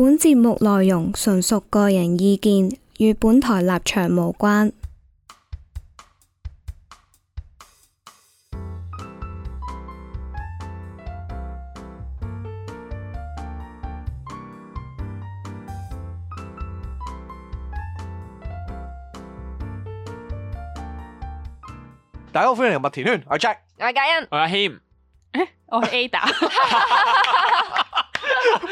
本節目內容純屬個人意見，與本台立場無關。大家好，歡迎麥田圈，我係 Jack，我係嘉欣，我係阿謙，我係 Ada。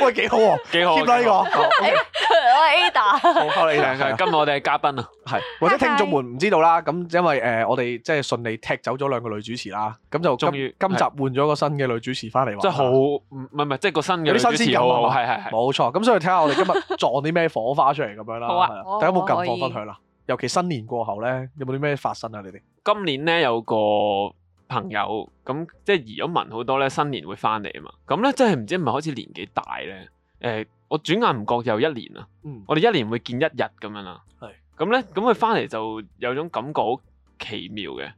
喂，幾好喎，幾好啦呢個，我係 Ada，好，我哋靚女，今日我哋嘅嘉賓啊，係，或者聽眾們唔知道啦，咁因為誒我哋即係順利踢走咗兩個女主持啦，咁就終於今集換咗個新嘅女主持翻嚟，真係好，唔，唔係唔係，即係個新嘅女主持有啲新鮮感，係係係，冇錯，咁所以睇下我哋今日撞啲咩火花出嚟咁樣啦，係啦，大家有冇近況分享啦？尤其新年過後咧，有冇啲咩發生啊？你哋今年咧有個。朋友咁、嗯、即係移咗民好多咧，新年會翻嚟啊嘛，咁咧真係唔知係咪開始年紀大咧？誒、欸，我轉眼唔覺又一年啦，嗯、我哋一年會見一日咁樣啦，係咁咧，咁佢翻嚟就有種感覺好奇妙嘅，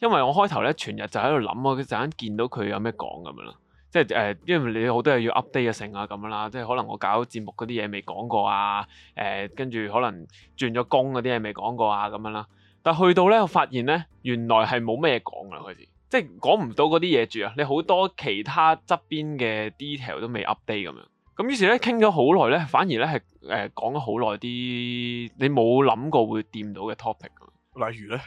因為我開頭咧全日就喺度諗我佢陣間見到佢有咩講咁樣啦，即係誒、欸，因為你好多嘢要 update 啊成啊咁啦，即係可能我搞節目嗰啲嘢未講過啊，誒、欸，跟住可能轉咗工嗰啲嘢未講過啊咁樣啦，但去到咧，我發現咧，原來係冇咩講噶開始。即係講唔到嗰啲嘢住啊，你好多其他側邊嘅 detail 都未 update 咁樣，咁於是咧傾咗好耐咧，反而咧係誒講咗好耐啲你冇諗過會掂到嘅 topic，例如咧，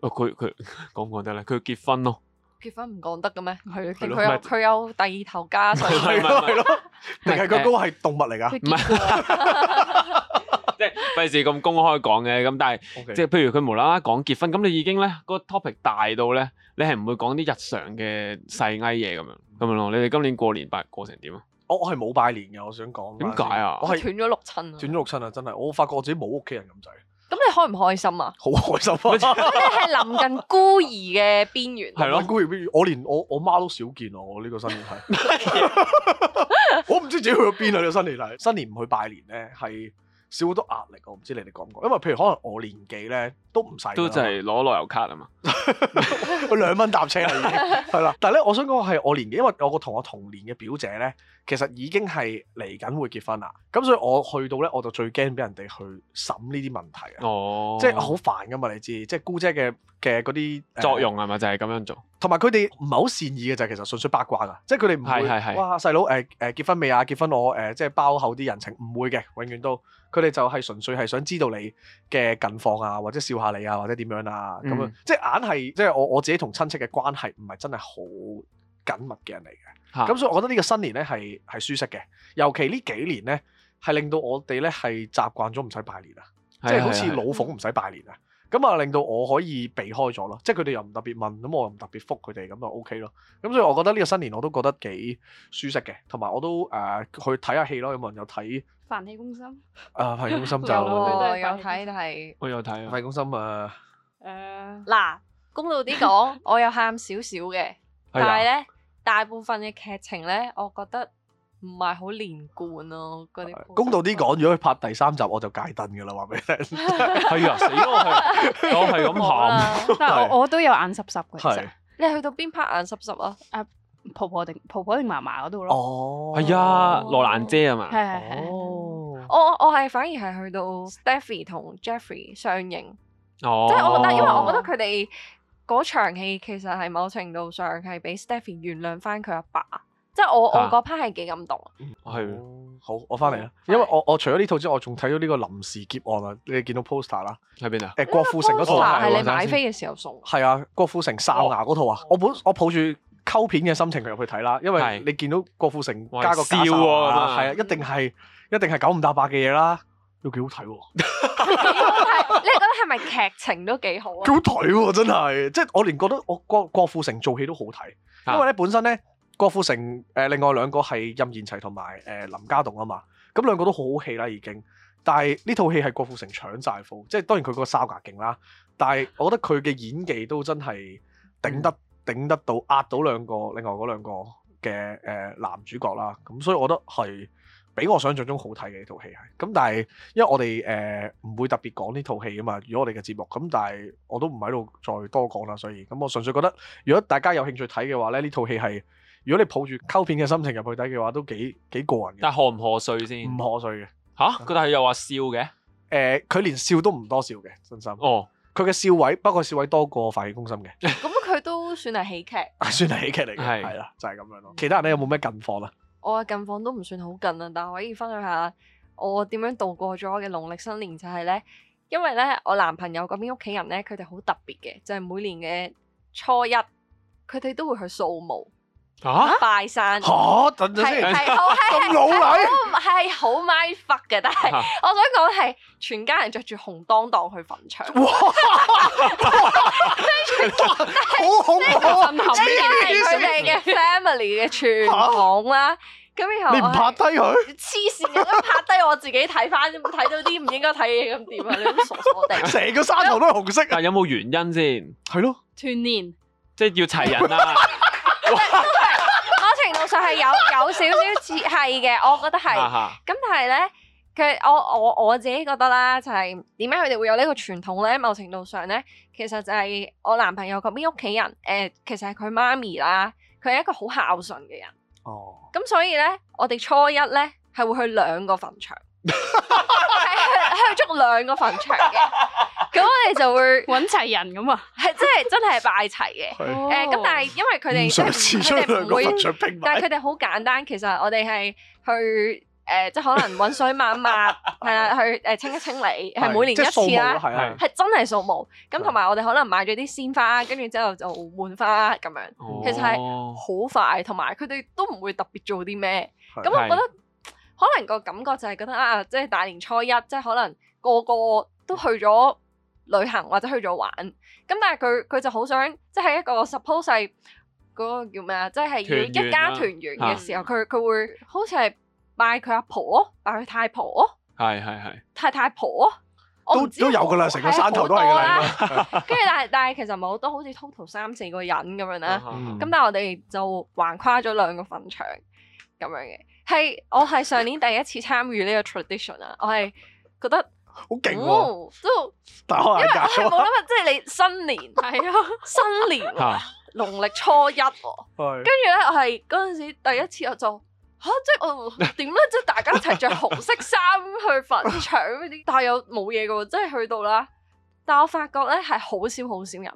佢佢講唔講得咧，佢要結婚咯，結婚唔講得嘅咩？佢佢的有佢是有，有第二頭家，係咯係咯，定係個都係動物嚟噶？唔係費事咁公開講嘅，咁但係即係譬如佢無啦啦講結婚，咁你已經咧個 topic 大到咧，你係唔會講啲日常嘅細藝嘢咁樣，咁樣囉？你哋今年過年拜過成點啊？我我係冇拜年嘅，我想講點解啊？我係斷咗六親，斷咗六親啊！真係，我發覺我自己冇屋企人咁滯。咁你開唔開心啊？好開心啊！你係臨近孤兒嘅邊緣，係咯？孤兒邊緣，我連我我媽都少見我呢個新年係，我唔知自己去咗邊啊！呢個新年係新年唔去拜年咧，係。少好多壓力，我唔知你哋講過，因為譬如可能我年紀咧都唔使都就係攞樂悠卡啊嘛。佢兩蚊搭車啦，已經係啦。但係咧，我想講係我年紀，因為我個同我同年嘅表姐咧，其實已經係嚟緊會結婚啦。咁所以我去到咧，我就最驚俾人哋去審呢啲問題啊。哦，即係好煩噶嘛，你知。即係姑姐嘅嘅嗰啲作用係咪就係、是、咁樣做？同埋佢哋唔係好善意嘅就係，其實純粹八卦噶。即係佢哋唔會是是是哇，細佬誒誒結婚未啊？結婚我誒、呃、即係包厚啲人情，唔會嘅，永遠都。佢哋就係純粹係想知道你嘅近況啊，或者笑下你啊，或者點樣啊咁樣，即係、嗯。硬係即係我我自己同親戚嘅關係唔係真係好緊密嘅人嚟嘅，咁、啊啊、所以我覺得呢個新年呢係係舒適嘅，尤其呢幾年呢，係令到我哋呢係習慣咗唔使拜年啊，嗯、即係好似老奉唔使拜年啊，咁啊、嗯嗯、令到我可以避開咗咯，即係佢哋又唔特別問，咁我又唔特別覆佢哋，咁就 O K 咯。咁、啊、所以我覺得呢個新年我都覺得幾舒適嘅，同埋我都誒、呃、去睇下戲咯，有冇人有睇《飯氣攻心啊》？啊，《飯氣攻心》就有睇，但係我有睇《飯氣攻心》啊。誒，嗱，公道啲講，我有喊少少嘅，但係咧，大部分嘅劇情咧，我覺得唔係好連貫咯，啲。公道啲講，如果佢拍第三集，我就戒燈噶啦，話俾你聽。係啊，死咯，我係我係咁喊，我我都有眼濕濕嘅其實，你去到邊拍眼濕濕啊？啊，婆婆定婆婆定嫲嫲嗰度咯。哦，係啊，羅蘭姐啊嘛？係係。哦，我我我係反而係去到 Stephie 同 Jeffrey 相迎。哦、即係我覺得，因為我覺得佢哋嗰場戲其實係某程度上係俾 Stephy 原諒翻佢阿爸，即係我、啊、我嗰 part 係幾感動。係、嗯，好，我翻嚟啦。是因為我我除咗呢套之外，我仲睇咗呢個臨時劫案啊。你見到 poster 啦，喺邊啊？誒，郭富城嗰套係、哦、你買飛嘅時候送。係啊、哦，郭富城哨牙嗰套啊、哦。我本我抱住溝片嘅心情入去睇啦，因為你見到郭富城加個加笑啊，係啊，一定係一定係九唔搭八嘅嘢啦，都幾好睇喎。 係咪劇情都幾好啊？幾好睇喎！真係，即係我連覺得我郭郭富城做戲都好睇，因為咧本身咧郭富城誒、呃，另外兩個係任賢齊同埋誒林家棟啊嘛，咁兩個都好好戲啦已經。但係呢套戲係郭富城搶債夫，即係當然佢個沙啞勁啦，但係我覺得佢嘅演技都真係頂得頂得到，壓到兩個另外嗰兩個嘅誒、呃、男主角啦。咁所以我覺得係。比我想象中好睇嘅呢套戲係，咁但係因為我哋誒唔會特別講呢套戲啊嘛，如果我哋嘅節目，咁但係我都唔喺度再多講啦，所以咁、嗯、我純粹覺得，如果大家有興趣睇嘅話咧，呢套戲係，如果你抱住溝片嘅心情入去睇嘅話，都幾幾過癮嘅。但係賀唔賀歲先？唔賀歲嘅。吓、啊？覺得佢又話笑嘅。誒、呃，佢連笑都唔多笑嘅，真心。哦。佢嘅笑位不過笑位多過肺氣功心嘅。咁佢 都算係喜劇。啊、算係喜劇嚟嘅，係啦的，就係、是、咁樣咯。其他人咧有冇咩近況啊？我、oh, 近況都唔算好近啦，但係我可以分享下我點樣度過咗我嘅農曆新年就係咧，因為咧我男朋友嗰邊屋企人咧，佢哋好特別嘅，就係每年嘅初一，佢哋都會去掃墓。吓拜山吓，等陣先，係好，老係係好，係好 mindfuck 嘅，但係我想講，係全家人着住紅當當去墳場，哇，好恐怖啊！呢個係佢哋嘅 family 嘅傳統啦。咁然後你唔拍低佢，黐線嘅，拍低我自己睇翻，睇到啲唔應該睇嘅嘢，咁點啊？你咁傻傻地，成個山頭都係紅色。但有冇原因先？係咯，團年，即係要齊人啊。我 程度上係有有少少似係嘅，我覺得係。咁 但係咧，佢我我我自己覺得啦，就係點解佢哋會有呢個傳統咧？某程度上咧，其實就係我男朋友嗰邊屋企人，誒、呃，其實係佢媽咪啦。佢係一個好孝順嘅人。哦。咁所以咧，我哋初一咧係會去兩個墳場， 去去足兩個墳場嘅。咁我哋就會揾齊人咁啊，係即係真係拜齊嘅。誒咁，但係因為佢哋佢哋唔會，但係佢哋好簡單。其實我哋係去誒，即、呃、係、就是、可能揾水抹一抹，係啦， 去誒清一清理。係每年一次啦，係、就是、真係掃墓。咁同埋我哋可能買咗啲鮮花，跟住之後就換花咁樣。哦、 其實係好快，同埋佢哋都唔會特別做啲咩。咁的我覺得可能個感覺就係覺得啊，即係大年初一，即係可能個個都去咗，旅行或者去咗玩，咁但係佢，佢就好想，即係一個 suppose 嗰個叫咩啊？即係要一家團圓嘅時候，佢，佢、啊啊、會好似係拜佢阿婆，拜佢太婆，係係係太太婆，都都有噶啦，成個山頭都係啦。跟住但係但係其實唔係好多，都好似 total 三四個人咁樣啦。咁但係我哋就橫跨咗兩個墳場咁樣嘅，係我係上年第一次參與呢個 tradition 啊，我係覺得。好勁喎，都大開眼界。因為冇諗， 即係你新年係啊， 新年啊，農曆初一。跟住呢，我係嗰陣時第一次，我就吓、啊，即係我點呢？即係大家一齊着紅色衫去墳場嗰啲。但係又冇嘢嘅，即係去到啦。但係我發覺呢係好少好少人。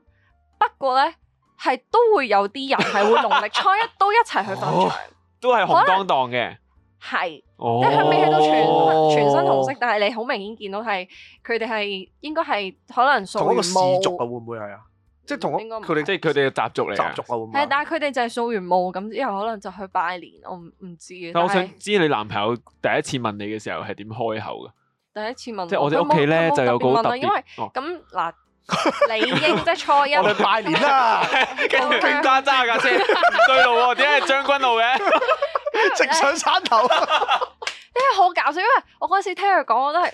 不過呢，係都會有啲人係會農曆初一都一齊去墳場， 都係紅當當嘅。係。 但佢未係到全全身紅色，但係你好明顯見到係佢哋係應該係可能掃墓。同一個氏族啊，會唔會係啊？即係同一個佢哋，即係佢哋嘅習俗嚟，習俗啊，會唔會係？係，但係佢哋就係掃完墓咁之後，可能就去拜年。我唔唔知。但我想知你男朋友第一次問你嘅時候係點開口嘅？第一次問，即係我哋屋企咧就有個特，因為咁嗱，你應即係初一，我哋拜年啦，跟住喳喳噶先，對路喎？點解係將軍路嘅？直上山頭啦！因為好搞笑，因為我嗰時聽佢講，我都係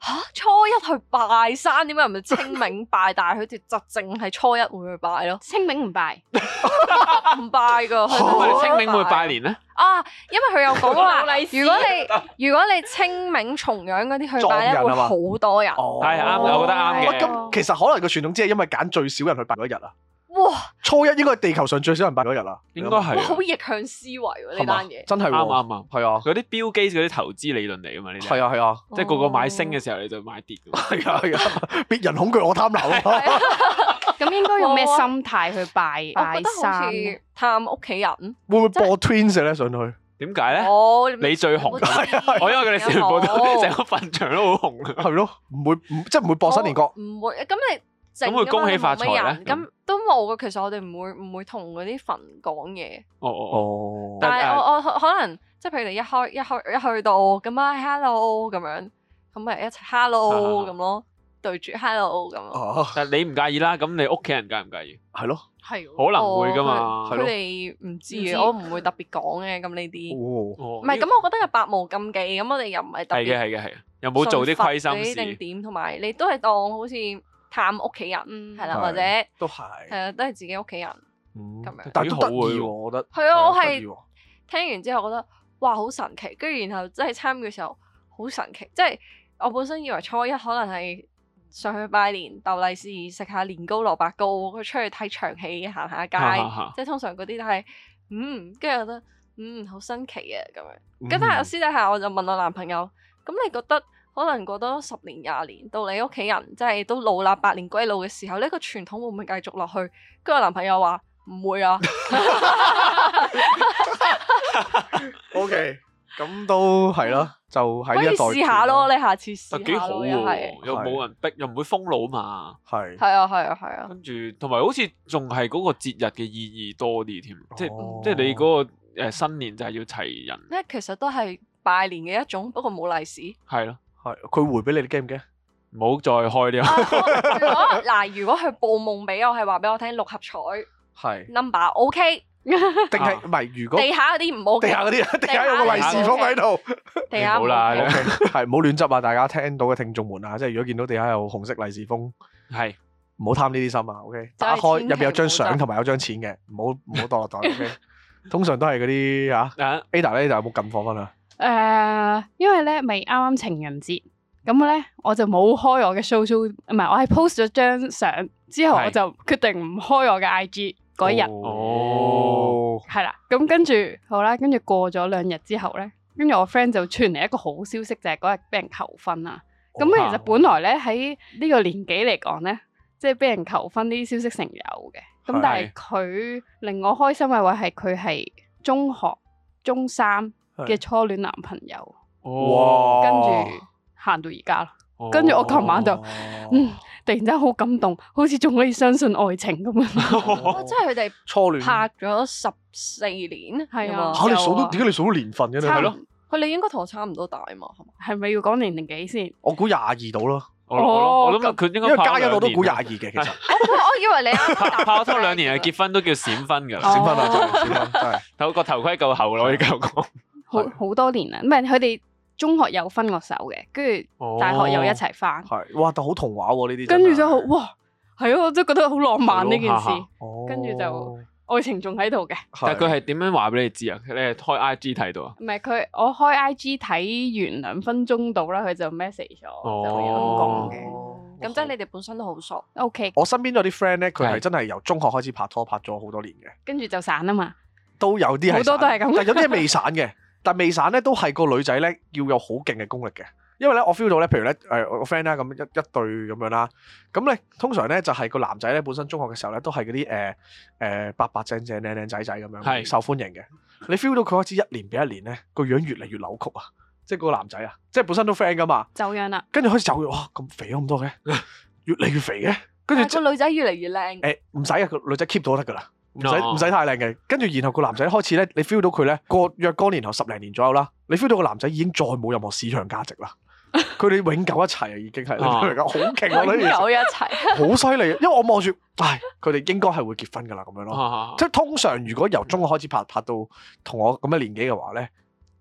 吓初一去拜山，點解唔係清明拜？但係佢哋就淨係初一會去拜咯，清明唔拜，唔拜噶。清明會拜年咧？啊，因為佢又講啦，如果你如果你清明、重陽嗰啲去拜，會好多人。係啱嘅，我覺得啱嘅。咁其實可能個傳統只係因為揀最少人去拜嗰日啊。哇！初一應該係地球上最少人拜日啦，應該係。好逆向思維喎呢單嘢，真係啱啱啊？係啊，嗰啲標基嗰啲投資理論嚟㗎嘛，呢啲係啊係啊，即係個個買升嘅時候你就買跌。係啊係啊，別人恐懼我貪婪。咁應該用咩心態去拜拜山？探屋企人會唔會播 Twins 咧上去？點解咧？你最紅，我因為佢哋全部都成個墳場都好紅，係咯，唔會即係唔會播新年歌。唔會咁你。咁佢恭喜發財咧？咁都冇嘅。其實我哋唔會唔會同嗰啲墳講嘢。哦哦。但係我我可能即係譬如你一開一開一去到咁啊，hello 咁樣，咁咪一齊 hello 咁咯，對住 hello 咁。但係你唔介意啦，咁你屋企人介唔介意？係咯。係。可能會㗎嘛。佢哋唔知嘅，我唔會特別講嘅。咁呢啲。唔係，咁我覺得係百無禁忌。咁我哋又唔係特別。係嘅，係嘅，係嘅。有冇做啲虧心事？一定點同埋你都係當好似。探屋企人，係啦的，或者都係是，係啊，都係自己屋企人咁、嗯、樣，但係好得意喎，我覺得係啊，的我係聽完之後覺得哇，好神奇，跟住然後即係參與嘅時候好神奇，即、就、係、是、我本身以為初一可能係上去拜年、逗利是，食下年糕、蘿蔔糕，去出去睇場戲、行下街， 即係通常嗰啲，都係嗯，跟住覺得嗯好新奇啊咁樣，跟住、嗯、私底下我就問我男朋友，咁你覺得？可能過多十年廿年，到你屋企人即係都老啦，百年歸老嘅時候，呢、呢個傳統會唔會繼續落去？跟住我男朋友話唔會啊。O K，咁都係咯，就喺呢一代試下咯。你下次試下幾好喎是、啊？又冇人逼，又唔會封路嘛。係係啊，係啊，係啊。啊跟住同埋好似仲係嗰個節日嘅意義多啲添、哦，即係即係你嗰個新年就係要齊人。咧其實都係拜年嘅一種，不過冇利是、啊。係咯。係佢回俾你驚唔驚？唔好再開啲啊！嗱，如果佢報夢俾我，係話俾我聽六合彩，係 number OK，定係唔係？如果地下嗰啲唔好，地下嗰啲，地下有個利是封喺度。好啦，係唔好亂執啊！大家聽到嘅聽眾們啊，即係如果見到地下有紅色利是封，係唔好貪呢啲心啊！OK，打開入邊有張相同埋有張錢嘅，唔好唔好打落袋。OK，通常都係嗰啲吓 Ada 咧就有冇進貨翻啊？誒，uh, 因為咧未啱啱情人節，咁咧我就冇開我嘅 social，唔係我係 post 咗張相之後，是我就決定唔開我嘅 IG 嗰一日。哦、oh. 嗯，係啦，咁跟住好啦，跟住過咗兩日之後咧，跟住我 friend 就傳嚟一個好消息，就係嗰日俾人求婚啦！咁、oh. 其實本來咧喺呢個年紀嚟講咧，即係俾人求婚呢啲消息成有嘅，咁、oh. 但係佢令我開心嘅話係佢係中學中三。嘅初戀男朋友，跟住行到而家，跟住我琴晚就，嗯，突然間好感動，好似仲可以相信愛情咁樣！真係佢哋初戀拍咗十四年，係啊，吓你數到？點解你數到年份嘅？係咯，佢你應該同我差唔多大嘛？係咪要講年齡幾先？我估廿二度咯，哦，我諗佢應該加一我都估廿二嘅，其實我以為你拍拖兩年啊，結婚都叫閃婚噶，閃婚啊，閃婚係頭個頭盔夠厚咯，我依家講。好好多年啦，唔係佢哋中學有分過手嘅，跟住大學又一齊翻。係哇，但好童話呢啲。跟住就哇，係咯，我真係覺得好浪漫呢件事。跟住就愛情仲喺度嘅。但佢係點樣話俾你知啊？你係開 I G 睇到啊？唔係佢，我開 I G 睇完兩分鐘到啦，佢就 message 咗，就咁講嘅。咁即係你哋本身都好熟。O K，我身邊有啲 friend 咧，佢係真係由中學開始拍拖，拍咗好多年嘅。跟住就散啊嘛。都有啲好多都係咁，但有啲係未散嘅。但未散咧，都係個女仔咧要有好勁嘅功力嘅，因為咧我 feel 到咧，譬如咧誒我個 friend 啦，咁一一對咁樣啦，咁咧通常咧就係個男仔咧本身中學嘅時候咧都係嗰啲誒誒白白淨淨靚靚仔仔咁樣，係受歡迎嘅，你 feel 到佢開始一年比一年咧個樣越嚟越扭曲啊，即係個男仔啊，即係本身都 friend 噶嘛，走樣啦，跟住開始走樣，哇咁肥咗咁多嘅，越嚟越肥嘅，跟住個女仔越嚟越靚，誒唔使啊，個女仔 keep 到得噶啦。唔使唔使太靚嘅，跟住然後個男仔開始咧，你 feel 到佢咧，過若干年後十零年左右啦，你 feel 到個男仔已經再冇任何市場價值啦。佢哋 永久一齊啊，已經係嚟緊，好勁！ 永久一齊，好犀利。因為我望住，唉，佢哋應該係會結婚噶啦，咁樣咯。即係 通常如果由中學開始拍，拍到同我咁嘅年紀嘅話咧。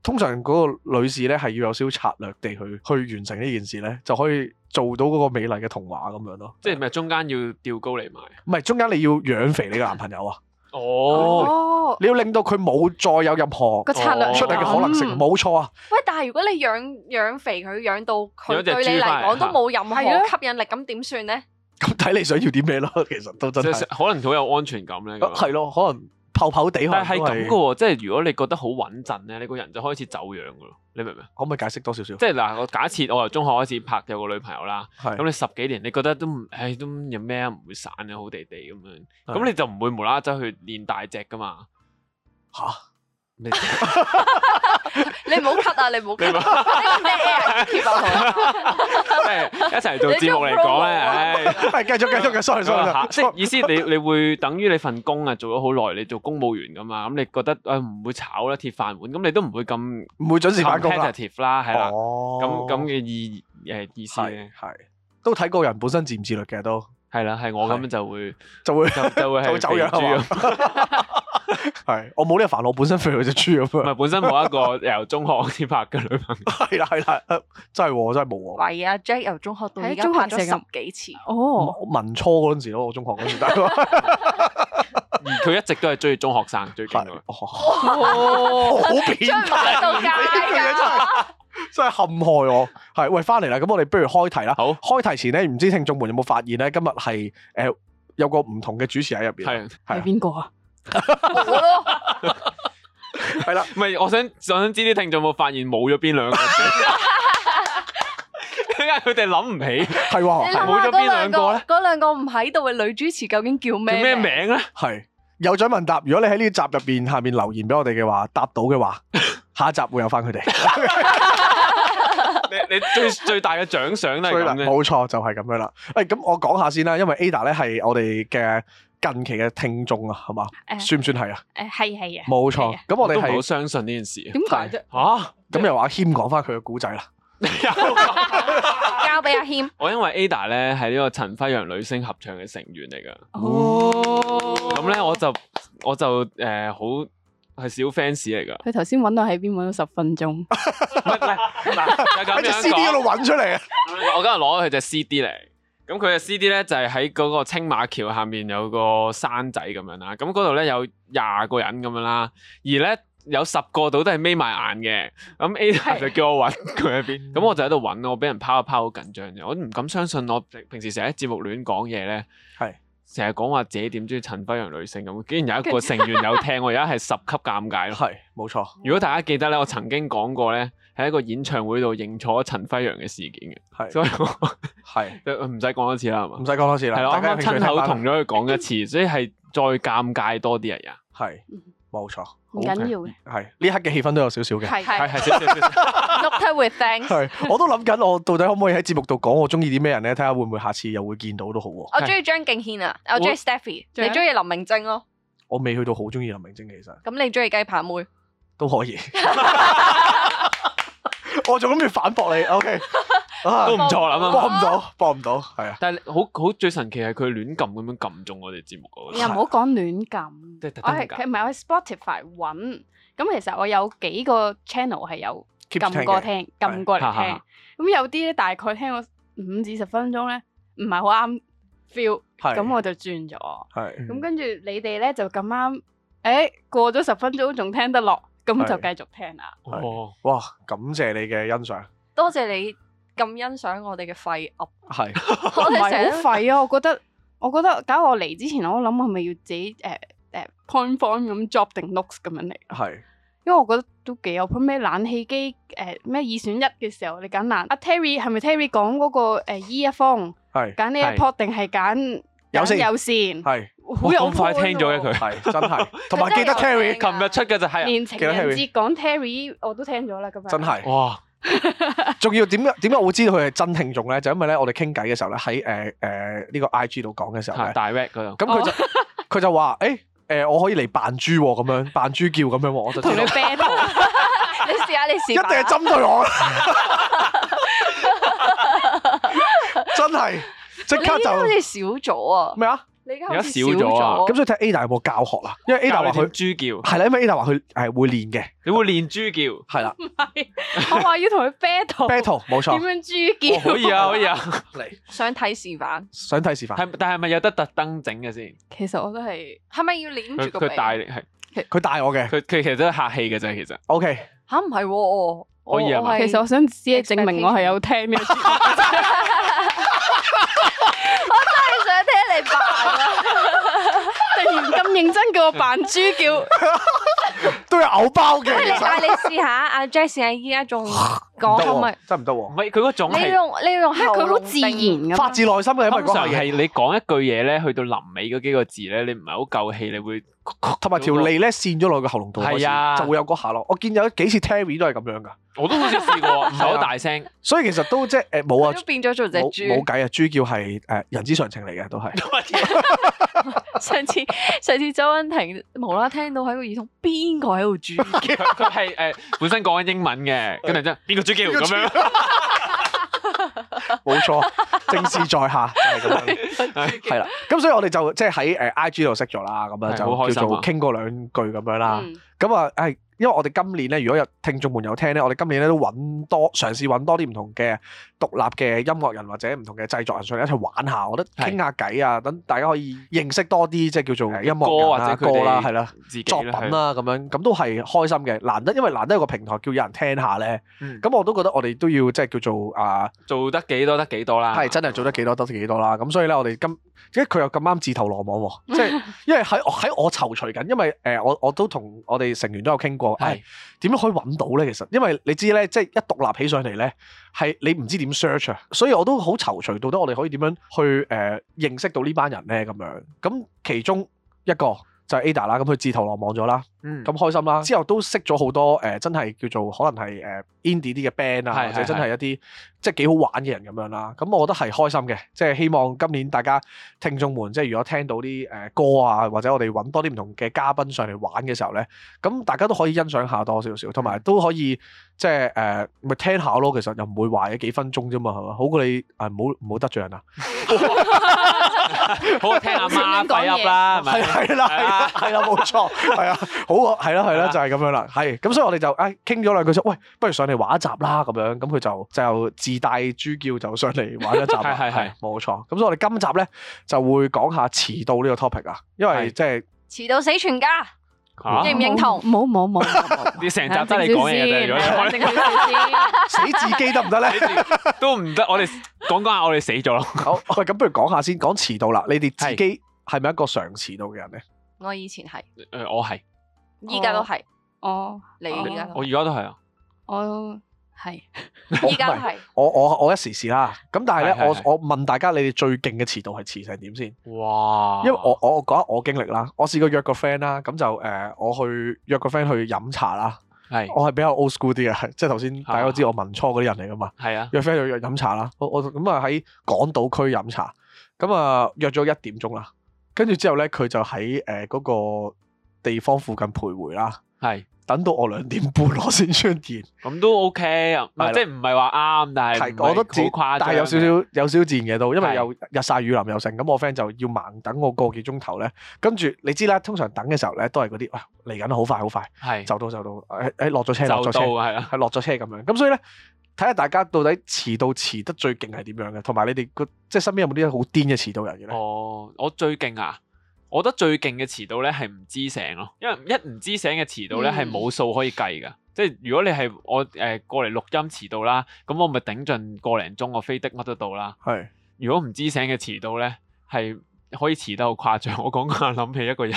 通常嗰個女士咧係要有少少策略地去去完成呢件事咧，就可以做到嗰個美麗嘅童話咁樣咯。即係咪中間要吊高嚟賣？唔係中間你要養肥你嘅男朋友啊！哦，你要令到佢冇再有任何個策略出嚟嘅可能性。冇錯啊！喂，但係如果你養養肥佢，養到佢對你嚟講都冇任何吸引力，咁點算咧？咁睇你想要啲咩咯？其實都真係可能好有安全感咧。係咯，可能。泡泡地開，但係咁嘅，即係如果你覺得好穩陣咧， 你個人就開始走樣噶咯，你明唔明？可唔可以解釋多少少？ 即係嗱，我假設我由中學開始拍有個女朋友啦，咁 你十幾年你覺得都，唉、哎，都有咩啊？唔會散啊，好地地咁樣，咁 你就唔會無啦啦走去練大隻噶嘛？吓？ 你唔好 cut 啊！你唔好 cut 啊！即係一齊做節目嚟講咧，唉，係繼續繼續嘅，sorry sorry。即係意思，你你會等於你份工啊，做咗好耐，你做公務員噶嘛？咁你覺得誒唔會炒咧，鐵飯碗，咁你都唔會咁唔會準時返工噶？啦係啦，咁咁嘅意誒意思係，都睇個人本身自唔自律嘅都係啦。係我咁樣就會就會就會係走樣。係，我冇呢個煩惱，本身肥到隻豬咁樣。唔係，本身冇一個由中學先拍嘅女朋友。係啦， 係啦，真係，真係冇。係啊，Jack 由中學到而家拍咗十幾次。哦，文初嗰陣時咯，我中學嗰陣時。而佢一直都係追中學生，追邊個？哦、哇，好變態真係，真係陷害我。係 喂、哎，翻嚟啦，咁我哋不如開題啦。好，開題前咧，唔知聽眾們有冇發現咧？今日係誒有個唔同嘅主持喺入邊，係係邊個啊？冇 咯 覺得，係啦，唔係我想我想，我想知啲聽眾有冇發現冇咗邊兩個？點解佢哋諗唔起？係話冇咗邊兩個咧？嗰兩個唔喺度嘅女主持究竟叫咩？叫咩名咧？係有獎問答，如果你喺呢個集入邊下面留言俾我哋嘅話，答到嘅話，下一集會有翻佢哋。你你最最大嘅獎賞係咁嘅，冇錯就係咁樣啦。誒，咁、就是哎、我講下先啦，因為 Ada 咧係我哋嘅。近期嘅聽眾啊，係嘛？算唔算係啊？誒係啊係啊，冇錯。咁我哋都好相信呢件事啊。點解啫？吓？咁又話阿謙講翻佢嘅古仔啦。交俾阿謙。我因為 Ada 咧係呢個陳輝陽女聲合唱嘅成員嚟㗎。哦。咁咧我就我就誒好係小 fans 嚟㗎。佢頭先揾到喺邊，揾咗十分鐘。係咁樣講。喺隻 CD 嗰度揾出嚟啊！我今日攞咗佢隻 CD 嚟。咁佢嘅 C.D. 咧就係喺嗰個青馬橋下面有個山仔咁樣啦，咁嗰度咧有廿個人咁樣啦，而咧有十個度都係眯埋眼嘅，咁、嗯、Ada 是、嗯、就叫我搵佢喺邊，咁、嗯、我就喺度搵，我俾人拋一拋好緊張嘅，我唔敢相信我平時成日喺節目亂講嘢咧，係成日講話自己點中意陳輝陽女性咁，竟然有一個成員有聽， 我而家係十級尷尬咯，係冇錯。錯嗯、如果大家記得咧，我曾經講過咧。喺一個演唱會度認錯陳輝陽嘅事件嘅，係，係，唔使講多次啦，係嘛，唔使講多次啦，係我啱啱親口同咗佢講一次，所以係再尷尬多啲人呀，係，冇錯，唔緊要嘅，係，呢刻嘅氣氛都有少少嘅，係係少少少 look with thanks，我都諗緊我到底可唔可以喺節目度講我中意啲咩人咧，睇下會唔會下次又會見到都好喎，我中意張敬軒啊，我中意 Stephy，你中意林明晶咯，我未去到好中意林明晶。其實，咁你中意雞扒妹都可以。我就諗住反駁你，OK 都唔錯，諗啊，幫唔到，幫唔到，係啊！但係好好最神奇係佢亂撳咁樣撳中我哋節目嗰個。又唔好講亂撳，我係佢唔係我喺 Spotify 揾咁，其實我有幾個 channel 係有撳過聽撳過嚟聽，咁有啲咧大概聽咗五至十分鐘咧，唔係好啱 feel，咁我就轉咗，係咁跟住你哋咧就咁啱，誒過咗十分鐘仲聽得落。咁就繼續聽啦。哦，哇，感謝你嘅欣賞。多謝你咁欣賞我哋嘅廢噏。係、啊，唔係好廢啊？我覺得，我覺得假如我嚟之前，我諗係咪要自己誒誒、呃呃、point form 咁 drop 定 notes 咁樣嚟？係是。因為我覺得都幾有 point 咩冷氣機誒咩、呃、二選一嘅時候，你揀冷。阿是、啊、Terry 係咪 Terry 講嗰、那個誒 earphone？係、呃。揀呢一樖定係揀有線善？有線。係。好快聽咗嘅佢，係真係，同埋記得 Terry，琴日出嘅就係年節講 Terry，我都聽咗啦，今日真係哇！仲要點點解我會知道佢係真聽眾咧？就因為咧，我哋傾偈嘅時候咧，喺誒誒呢個 IG 度講嘅時候咧，大 direct 咁佢就佢就話誒誒，我可以嚟扮豬咁樣，扮豬叫咁樣，我就同你啤你試下，你試下一定係針對我，真係即刻就好似少咗啊咩啊！而家少咗，咁所以睇 Ada 有冇教學啦。因為 Ada 話佢豬叫，係啦，因為 Ada 話佢係會練嘅。你會練豬叫？係啦，唔係我話要同佢 battle。battle 冇錯。點樣豬叫？可以啊，可以啊，嚟。想睇示範。想睇示範。係，但係咪有得特登整嘅先？其實我都係，係咪要練住個鼻？佢帶係，佢帶我嘅。佢佢其實都係客氣嘅啫，其實。OK，吓唔係喎？可以啊。其實我想知證明我係有聽咩。認 真明珍叫我扮豬叫，都有嘔包嘅、 嗯啊。你嗌你試下，阿、啊、Jesse 阿而家仲。 講唔係真唔得喎，唔係佢嗰種。你要用你要用，佢好自然嘅，發自內心嘅。因為講就係你講一句嘢咧，去到臨尾嗰幾個字咧，你唔係好夠氣，你會同埋條脷咧扇咗落個喉嚨度，係啊，就會有個下落。我見有幾次聽完都係咁樣噶，我都好似試過唔係好大聲。所以其實都即係誒冇啊，變咗做隻豬，冇計啊，豬叫係誒人之常情嚟嘅都係。上次上次周恩婷無啦啦聽到喺個耳筒，邊個喺度豬叫？佢係誒本身講緊英文嘅，咁突然咁樣，冇錯， 正係在下，就係咁樣，係啦。 咁所以我哋就即係喺誒 I G 度識咗啦，咁樣就叫做傾過兩句咁樣啦。咁啊，係，因為我哋今年咧，如果有聽眾朋友聽咧，我哋今年咧都揾多嘗試揾多啲唔同嘅。獨立嘅音樂人或者唔同嘅製作人上嚟一齊玩一下，我覺得傾下偈啊，是等大家可以認識多啲，即係叫做音樂人、啊、歌或者歌啦、啊、係啦、自己 作品啦、啊、咁的樣，咁都係開心嘅。難得，因為難得有個平台叫有人聽下咧。咁、嗯、我都覺得我哋都要即係叫做啊，做得幾多得幾多啦。係真係做得幾多得幾多啦。咁所以咧，我哋今即係佢又咁啱自投羅網喎。即、啊、係 因為喺喺我籌措緊，因為誒、呃、我我，我都同我哋成員都有傾過，係點樣可以揾到咧？其實因為你知咧，知即係一獨立起上嚟咧，係你唔知點。 search 啊，所以我都好躊躇，到底我哋可以點樣去誒、呃、認識到呢班人咧？咁樣，咁其中一個。就 Ada 啦，咁佢自投羅網咗啦，咁、嗯、開心啦。之後都識咗好多誒、呃，真係叫做可能係誒 indie 啲嘅 band 啊，是是是或者真係一啲即係幾好玩嘅人咁樣啦。咁我覺得係開心嘅。即係希望今年大家聽眾們，即係如果聽到啲誒歌啊，或者我哋揾多啲唔同嘅嘉賓上嚟玩嘅時候咧，咁大家都可以欣賞下多少少，同埋都可以即係誒咪聽下咯。其實又唔會話幾分鐘啫嘛，係嘛，好過你啊！唔好唔好得罪人啊。 好聽阿媽講啦，係咪？係啦，係啦，冇錯，係啊，好，係啦，係啦，就係咁樣啦，係。咁所以我哋就誒傾咗兩句，說喂，不如上嚟玩一集啦，咁樣，咁佢就就自帶豬叫就上嚟玩一集啦，係係，冇錯。咁所以我哋今集咧就會講下遲到呢個 topic 啊，因為即係遲到死全家。認唔認同？冇冇冇，你成集都係你講嘢嘅啫，死自己得唔得咧？都唔得。我哋講講下，我哋死咗咯。好，喂，咁不如講下先。講遲到啦，你哋自己係咪一個常遲到嘅人咧？我以前係，誒，我係，依家都係。哦，你而家，我而家都係啊，我。係，依家都係。我我我一時試啦，咁但係咧，是是是我我問大家你，你哋最勁嘅遲到係遲成點先？哇！因為我我講下我經歷啦，我試過約個 friend 啦，咁就誒、呃，我去約個 friend 去飲茶啦。係是，我係比較 old school 啲嘅，即係頭先大家都知道我文初嗰啲人嚟噶嘛。係啊，約 friend 去約飲茶啦。我咁啊喺港島區飲茶，咁啊約咗一點鐘啦。跟住之後咧，佢就喺誒嗰個地方附近徘徊啦。係。等到我兩點半攞先出現，咁都 OK，唔即係唔係話啱，但係我都覺得好誇張，但係有少少有少啲電嘅都，因為又日曬雨淋又剩，咁我 friend 就要盲等我個幾鐘頭咧。跟住你知啦，通常等嘅時候咧都係嗰啲哇嚟緊好快好快，係就到就到，誒誒落咗車落咗車，係啊，係落咗車咁樣。咁所以咧，睇下大家到底遲到遲得最勁係點樣嘅，同埋你哋個即係身邊有冇啲好癲嘅遲到人嘅咧？哦，我最勁啊！我覺得最勁嘅遲到咧係唔知醒咯，因為一唔知醒嘅遲到咧係冇數可以計㗎，即係如果你係我誒過嚟錄音遲到啦，咁我咪頂盡個零鐘我飛的乜都到啦。係，如果唔知醒嘅遲到咧係可以遲得好誇張。我講下諗起一個人，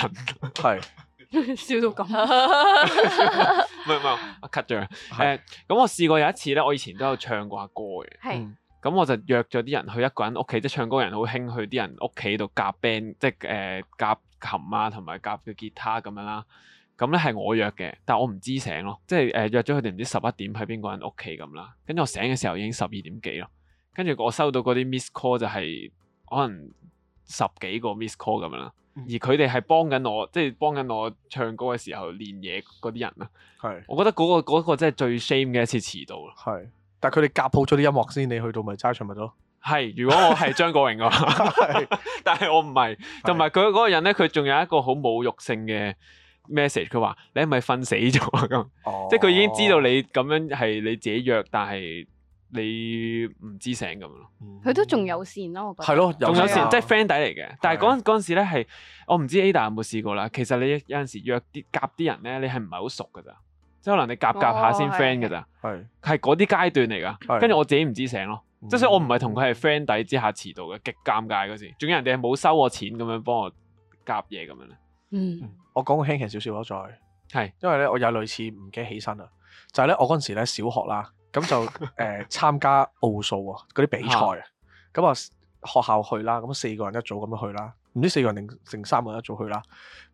係 笑到咁，啊，唔係唔係，cut 咗啦。咁，啊啊 uh. 啊，我試過有一次咧，我以前都有唱過下歌嘅。係。咁我就約咗啲人去一個人屋企，即係唱歌人好興去啲人屋企度夾 band，即係誒夾琴啊，同埋夾個吉他咁樣啦。咁咧係我約嘅，但我唔知醒咯，即係誒約咗佢哋唔知十一點喺邊個人屋企咁啦。跟住我醒嘅時候已經十二點幾咯。跟住我收到嗰啲 miss call 就係可能十幾個 miss call 咁樣啦。嗯，而佢哋係幫緊我，即係幫緊我唱歌嘅時候練嘢嗰啲人啊。係，係，我覺得嗰個嗰個真係最 shame 嘅一次遲到咯。但佢哋夾好咗啲音樂先，你去到咪齋循物咯。係，如果我係張國榮嘅話， 但係我唔係。同埋佢嗰個人咧，佢仲有一個好侮辱性嘅 message，佢話你係咪瞓死咗咁？ 哦、即係佢已經知道你咁樣係你自己約，但係你唔知醒咁咯。佢、哦嗯、都仲友善咯，我覺得了。係咯，仲友善，的即係 friend 底嚟嘅。的但係嗰陣嗰時咧，係我唔知 Ada 有冇試過啦。其實你有陣時約啲夾啲人咧，你係唔係好熟㗎咋？即可能你夾夾下先 friend 噶咋，哦，係係嗰啲階段嚟噶。跟住是我自己唔知醒咯，嗯、即使我唔係同佢係 friend 底之下遲到嘅，極尷尬嗰時。仲有人哋係冇收我錢咁樣幫我夾嘢咁樣咧。嗯，嗯，我講個輕奇少少咯，我再係，是因為咧我有類似唔記得起身啦。就係、是、咧我嗰陣時咧小學啦，咁 就誒參、呃、加奧數啊嗰啲比賽啊，咁啊 學校去啦，咁四個人一組咁樣去啦，唔知四個人定剩三個人一組去啦，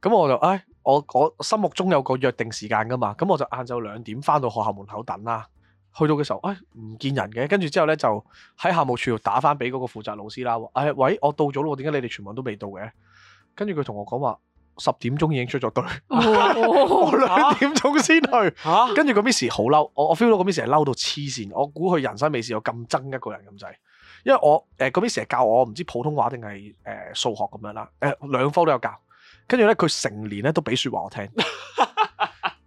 咁我就唉。哎我我心目中有個約定時間噶嘛，咁我就晏晝兩點翻到學校門口等啦。去到嘅時候，哎唔見人嘅，跟住之後呢，就喺校務處度打翻俾嗰個負責老師啦。哎，喂，我到咗啦，點解你哋全部都未到嘅？跟住佢同我講話十點鐘已經出咗隊，哦哦、 我兩點鐘先去。跟住、啊啊、個 miss 好嬲，我我 feel 到個 miss 係嬲到黐綫，我估佢人生未試有咁憎一個人咁滯。因為我誒個 miss 成日教我唔知普通話定係誒數學咁樣啦，誒、呃、兩科都有教。跟住咧，佢成年咧都俾説話我聽，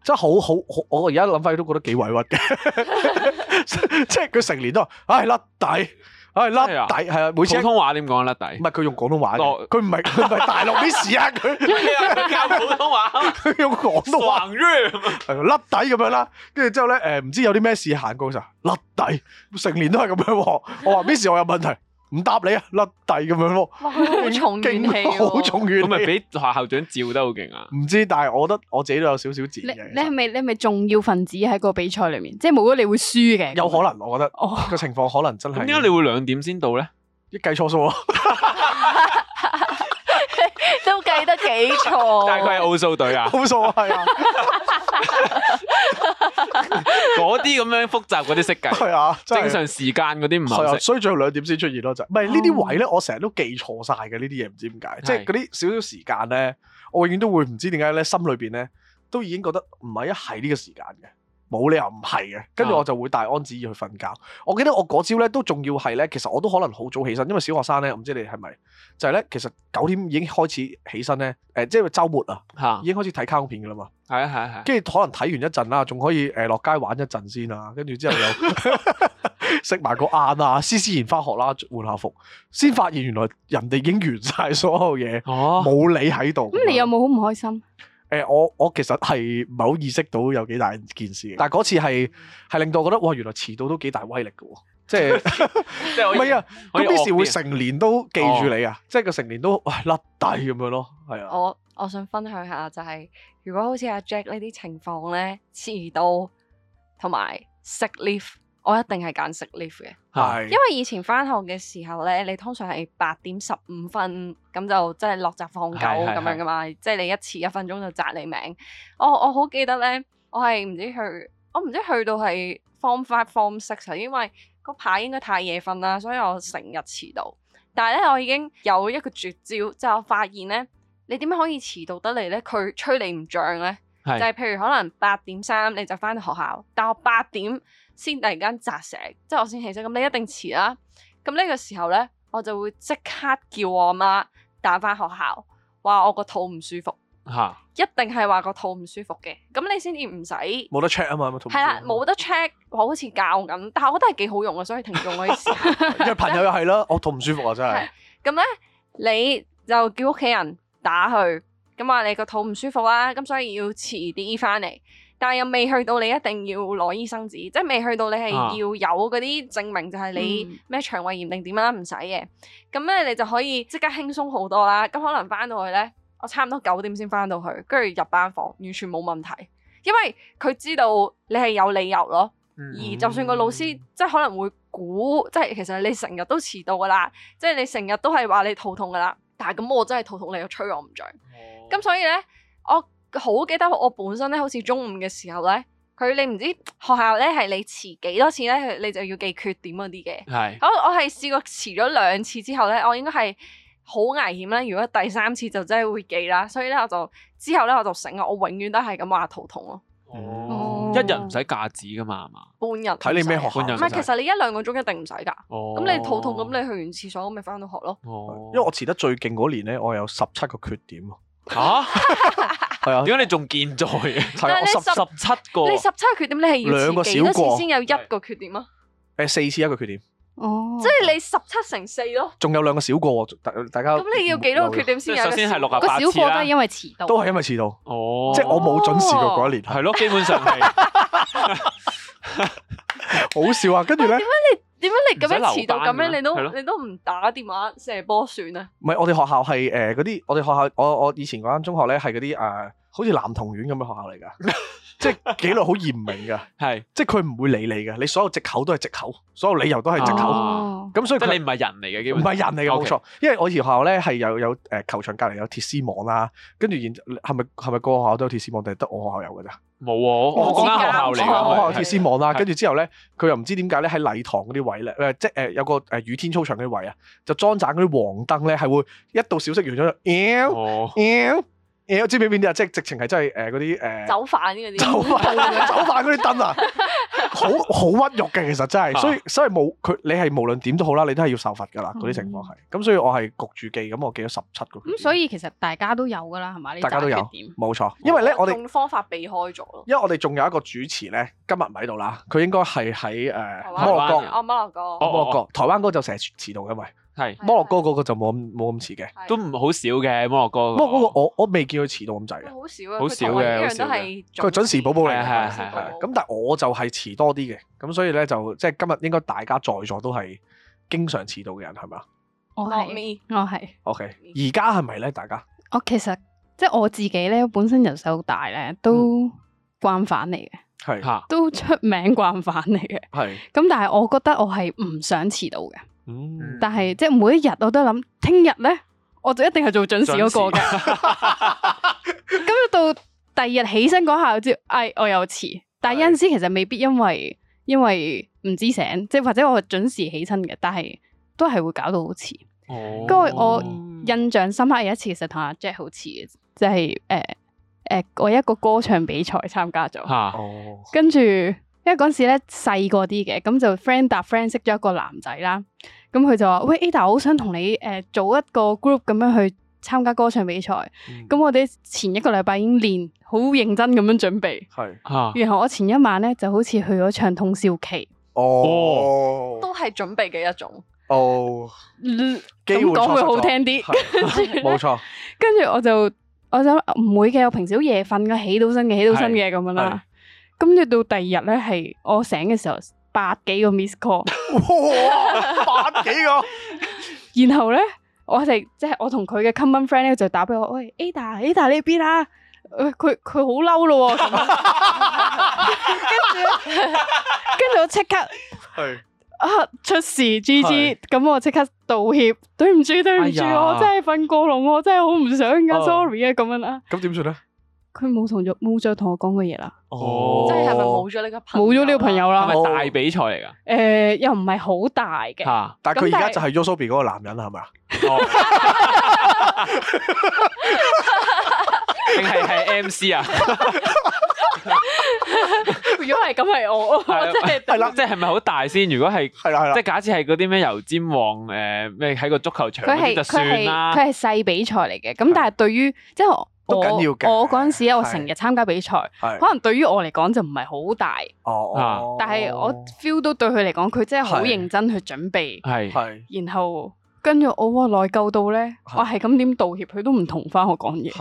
真係好好，我而家諗翻都覺得幾委屈嘅，即係佢成年都話 年都：，唉，甩底，唉，甩底，係啊，每次普通話點講？甩底，唔係佢用廣東話嘅。佢唔係佢唔係大陸 Miss 啊，佢 用廣東話，用廣東話 room，係甩底咁樣啦。跟住之後咧，誒唔知有啲咩事行過佢就甩底，成年都係咁樣。我話 Miss 我有問題。唔答你啊，甩底咁樣咯，好哇我重怨氣，好重怨。咁咪俾學校長照得好勁啊？唔知，但係我覺得我自己都有少少賤力。你係咪你係咪重要分子喺個比賽裏面？即係冇咗你會輸嘅。有可能，我覺得、哦、個情況可能真係。點解你會兩點先到咧？你計錯數啊！ 都計得幾錯，但係佢係奧數隊啊，奧數。係啊，嗰啲咁樣複雜嗰啲識計，係啊，正常時間嗰啲唔係，所以最後兩點先出現咯就。唔係呢啲位咧，我成日都記錯晒嘅呢啲嘢，唔知點解，即係嗰啲少少時間咧，我永遠都會唔知點解咧，心裏邊咧都已經覺得唔係一係呢個時間嘅。冇理由唔係嘅，跟住我就會大安旨意去瞓覺。啊、我記得我嗰朝咧都仲要係咧，其實我都可能好早起身，因為小學生咧，唔知你係咪就係、是、咧？其實九點已經開始起身咧，誒、呃，即係周末啊，已經開始睇卡通片㗎啦嘛。係啊係啊係。跟住可能睇完一陣啦，仲可以誒落、呃、街玩一陣先啊，跟住之後又食埋個晏啊，詩詩然返學啦，換下服，先發現原來人哋已經完晒所有嘢，冇你喺度。咁你有冇好唔開心？啊啊啊誒，我我其實係唔係好意識到有幾大件事，但係嗰次係係令到我覺得哇，原來遲到都幾大威力嘅喎，即係即係我唔係啊，佢幾時會成年都記住你啊？即係佢成年都甩底咁樣咯，係啊。我我想分享下就係，如果好似阿 Jack 呢啲情況咧，遲到同埋 sick leave。我一定係揀食 lift 嘅，是因為以前翻學嘅時候咧，你通常係八點十五分咁就即係落閘放狗咁是樣噶嘛，的即係你一遲一分鐘就摘你名。我我好記得咧，我係唔知去，我唔知去到係 form five form six 因為個排應該太夜瞓啦，所以我成日遲到。但係咧，我已經有一個絕招，就係、是、我發現咧，你點樣可以遲到得嚟咧，佢吹你唔脹咧，是就係譬如可能八點三你就翻到學校，但我八點。先突然間紮醒，即係我先起身。咁你一定遲啦，啊。咁呢個時候咧，我就會即刻叫我阿媽打翻學校，話我個肚唔舒服。嚇、啊！一定係話個肚唔舒服嘅，咁你先至唔使冇得 check 啊嘛。係啦，冇、啊、得 check，好似教緊，但係我覺得係幾好用啊。所以停用可 因為朋友又係咯， 我肚唔舒服啊，真係。咁咧，啊，你就叫屋企人打佢，咁話你個肚唔舒服啦，啊。咁所以要遲啲翻嚟。但係又未去到你一定要攞醫生紙，即係未去到你係要有嗰啲證明，就係你咩腸胃炎定點樣啦？唔使嘅。咁咧、嗯、你就可以即刻輕鬆好多啦。咁可能翻到去咧，我差唔多九點先翻到去，跟住入班房完全冇問題，因為佢知道你係有理由咯。而就算個老師、嗯、即係可能會估，即係其實你成日都遲到噶啦，即係你成日都係話你肚痛噶啦。但係咁我真係肚痛，你又吹我唔着。咁、哦、所以咧，我。好記得我本身咧，好似中午嘅時候咧，佢你唔知學校咧係你遲幾多次咧，你就要記缺點嗰啲嘅。係是，我我係試過遲咗兩次之後咧，我應該係好危險咧。如果第三次就真係會記啦。所以咧我就之後咧我就醒啦，我永遠都係咁話肚痛咯。哦，哦一日唔使假紙噶嘛，係嘛？半日睇你咩學半日。唔係，其實你一兩個鐘一定唔使噶。哦，咁你肚痛咁你去完廁所咁咪返到學咯。哦，因為我遲得最勁嗰年咧，我有十七個缺點啊。 係啊，點解你仲健在？但係你十十七個，你十七個缺點你係兩個小過，先有一個缺點啊。誒，四次一個缺點，哦，即係你十七乘四咯。仲有兩個小過，大大家咁你要幾多個缺點先有？首先係六十八個小過都係因為遲到，都係因為遲到，哦，即係我冇準時過嗰一年，係咯，基本上係。好笑啊！跟住咧，點解你咁樣遲到咁樣，啊、你都對了 你都唔打電話射波算啊？唔係我哋學校係誒嗰啲，我哋學校我我以前嗰間中學咧係嗰啲誒，好似男童院咁嘅學校嚟噶。即係紀律好嚴明嘅，係，即係佢唔會理你嘅，你所有藉口都係藉口，所有理由都係藉口，咁所以佢唔係人嚟嘅，唔係人嚟嘅，冇錯。因為我以前學校咧係有有誒球場隔離有鐵絲網啦，跟住，然係咪係咪個個學校都有鐵絲網定係得我學校有嘅咋？冇喎，我講緊學校嚟嘅，我學校鐵絲網啦，跟住之後咧，佢又唔知點解咧喺禮堂嗰啲位咧，即係誒有個誒雨天操場嗰啲位啊，就裝盞嗰啲黃燈咧，係會一到小息完咗，喵你知唔知邊啲啊？即係直情係真係誒嗰啲誒走反嗰啲，走反走反嗰啲燈啊！好好屈辱嘅，其實真係，所以所以冇佢，你係無論點都好啦，你都係要受罰噶啦。嗰啲情況係咁，所以我係焗住記，咁我記咗十七個。咁所以其實大家都有噶啦，係咪？大家都有冇錯，因為咧我哋用方法避開咗咯。因為我哋仲有一個主持咧，今日唔喺度啦，佢應該係喺誒摩洛哥。我摩洛哥，我摩洛哥，台灣哥就成日遲到，因為。係摩洛哥嗰個就冇冇咁遲嘅，都唔好少嘅摩洛哥。摩嗰個我我未見佢遲到咁滯，好少嘅，佢一樣都係佢準時寶寶嚟，係係係。咁但係我就係遲多啲嘅，咁所以咧就即係今日應該大家在座都係經常遲到嘅人，係咪？我係，我係。OK，而家係咪咧？大家我其實即係我自己咧，本身人手大咧，都慣犯嚟嘅，係都出名慣犯嚟嘅，係。咁但係我覺得我係唔想遲到嘅。嗯、但係即係每一日我都諗，聽日咧我就一定係做準時嗰個嘅。咁到第二日起身嗰下我知，哎，我又遲。但係有陣時其實未必因為因為唔知醒，即係或者我準時起身嘅，但係都係會搞到好遲。跟住、哦、我印象深刻有一次，其實同阿 Jack 好似嘅，就係誒誒我一個歌唱比賽參加咗，啊哦、跟住。因為嗰時咧細個啲嘅，咁就 friend 搭 friend 識咗一個男仔啦。咁佢就話：喂 Ada，好想同你誒、呃、做一個 group 咁樣去參加歌唱比賽。咁、嗯、我哋前一個禮拜已經練，好認真咁樣準備。係。嗯、然後我前一晚咧就好似去咗唱通宵期。哦。都係準備嘅一種。哦。嗯。咁講會好聽啲。冇錯、嗯。跟住、啊、我就我就唔會嘅，我，我，我平時好夜瞓嘅，起到身嘅，起到身嘅咁樣啦。跟住到第二日咧，係我醒嘅時候，百幾個 miss call，百幾個， 然後咧，我哋即係我同佢嘅 common friend 咧就打俾我，喂 Ada，Ada 呢邊啊，佢佢好嬲咯，跟住，跟住我即刻，係啊出事 GG，咁是我即刻道歉，是對唔住對唔住，我真係瞓過籠，我真係好唔想噶，sorry 啊，咁樣啦，咁點算咧？佢冇同再冇再同我講過嘢啦。Oh. 即係係咪冇咗呢個冇咗呢個朋友啦？係咪大比賽嚟㗎？誒、oh. 呃，又唔係好大嘅。吓、啊，但係佢而家就係 Yosobi 嗰個男人啦，係咪啊？定係係 MC 啊？ 如果係咁，係我，我真係係 啦。即係係咪好大先？如果係係啦，即係假設係嗰啲咩油尖旺誒咩喺個足球場，佢係佢係佢係細比賽嚟嘅。咁但係對於即係。我要我嗰陣時是我成日參加比賽，是可能對於我嚟講就唔係好大哦。但係我 feel 到對佢嚟講，佢真係好認真去準備。係是然後跟住我哇內疚，到呢，是我係咁點道歉，佢都唔同翻我講嘢。是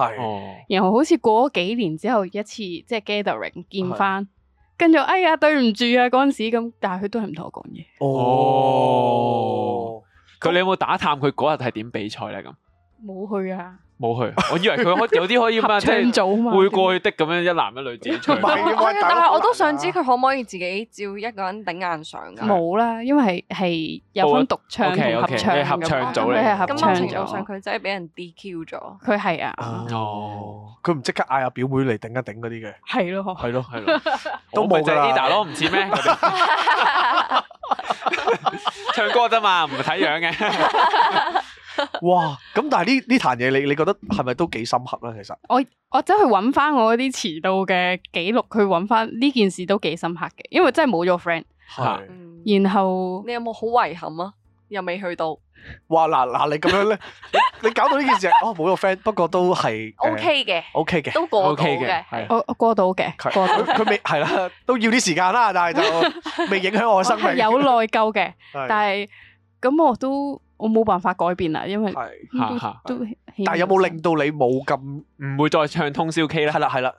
然後好似過咗幾年之後一次，即係 gathering 見翻，是跟住哎呀對唔住啊嗰陣時咁，但係佢都係唔同我講嘢。哦，佢你有冇打探佢嗰日係點比賽呢？咁？冇去啊！冇去，我以為佢可有啲可以合唱組嘛，會過去的咁樣一男一女自己唱。但係我都想知佢可唔可以自己照一個人頂硬上噶？冇啦，因為係有分獨唱同合唱嘅合唱組嚟。咁某程度上佢真係俾人 DQ 咗。佢係啊。哦，佢唔即刻嗌阿表妹嚟頂一頂嗰啲嘅。係咯，係咯，係咯，都冇噶啦。唔似咩？唱歌啫嘛，唔睇樣嘅。哇！咁但係呢呢壇嘢，你你覺得係咪都幾深刻咧？其實我我走去揾翻我啲遲到嘅記錄，去揾翻呢件事都幾深刻嘅，因為真係冇咗 friend。係，然後你有冇好遺憾啊？又未去到？哇！嗱嗱，你咁樣咧，你搞到呢件事哦，冇咗 friend，不過都係 OK 嘅，OK 嘅，都過到嘅，過過到嘅，佢佢佢未係啦，都要啲時間啦，但係就未影響我生活。有內疚嘅，但係咁我都。我冇辦法改變啦，因為都但係有冇令到你冇咁唔會再唱通宵 K 咧？係啦係啦，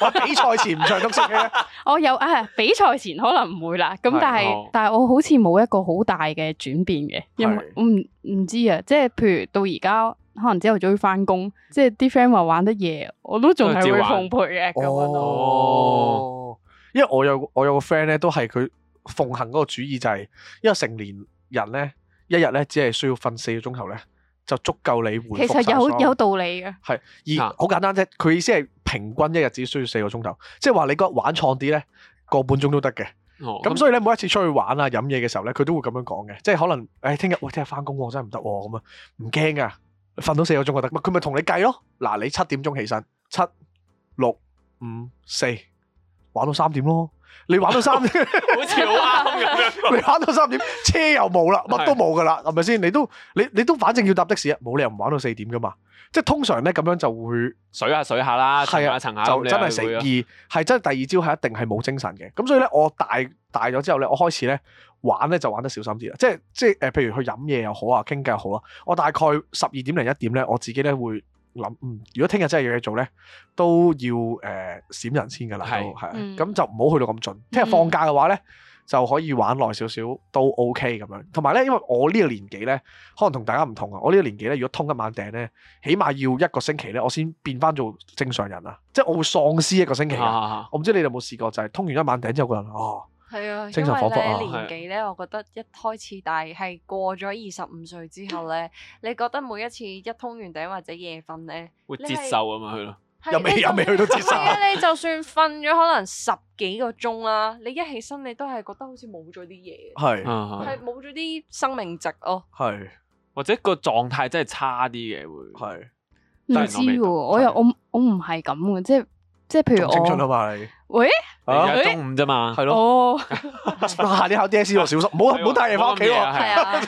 我 比賽前唔唱通宵 K 我有啊，比賽前可能唔會啦。咁但係、哦、但係我好似冇一個好大嘅轉變嘅，因為唔唔知啊。即係譬如到而家，可能朝頭早要翻工，即係啲 friend 話玩得夜，我都仲係會奉陪啊咁、哦、因為我有我有個 friend 咧，都係佢奉行嗰個主意就係、是，因為成年人咧。一日咧，只係需要瞓四個鐘頭咧，就足夠你恢復。其實有有道理嘅。係，而好簡單啫。佢意思係平均一日只需要四個鐘頭，即係話你覺得玩創啲咧，個半鐘都得嘅。咁、哦、所以咧，嗯、每一次出去玩啊、飲嘢嘅時候咧，佢都會咁樣講嘅。即係可能，誒、哎，聽日，喂、哎，聽日翻工真係唔得喎，咁啊，唔驚噶，瞓到四個鐘就得。唔，佢咪同你計咯。嗱，你七點鐘起身，七、六、五、四，玩到三點咯。你玩到三點，好似好黑心咁樣！你玩到三點，車又冇啦，乜都冇噶啦，係咪先？你都你你都反正要搭的士啊，冇理由唔玩到四點噶嘛。即、就、係、是、通常咧，咁樣就會水下、啊、水下啦，係啊，層下、啊啊啊、就真係死二，係、啊、真係第二朝係一定係冇精神嘅。咁所以咧，我大大咗之後咧，我開始咧玩咧就玩得小心啲啦。即係即係誒，譬如去飲嘢又好啊，傾偈又好啊，我大概十二點零一點咧，我自己咧會。諗嗯，如果聽日真係有嘢做咧，都要誒、呃、閃人先㗎啦，係咁就唔好去到咁盡。聽日放假嘅話咧，嗯、就可以玩耐少少都 OK 咁樣。同埋咧，因為我呢個年紀咧，可能同大家唔同啊。我呢個年紀咧，如果通一晚頂咧，起碼要一個星期咧，我先變返做正常人啊。即係我會喪屍一個星期啊！我唔知你哋有冇試過，就係、是、通完一晚頂之後，個人哦～、啊係啊，因為咧年紀，咧，我覺得一開始大，但係係過咗二十五歲之後咧，嗯、你覺得每一次一通完頂或者夜瞓咧，會接受啊嘛佢咯，又未又未去到接受、啊啊。你就算瞓咗可能十幾個鐘啦，啊，你一起身你都係覺得好似冇咗啲嘢，係係冇咗啲生命值咯，啊，係或者個狀態真係差啲嘅會係唔是知喎，啊，我又我我唔係咁嘅，即、就、係、是。即係譬如我，喂，你啊，中午啫嘛？係咯。哦，下年考 DSE 我小心，唔好唔好帶嘢翻屋企喎。係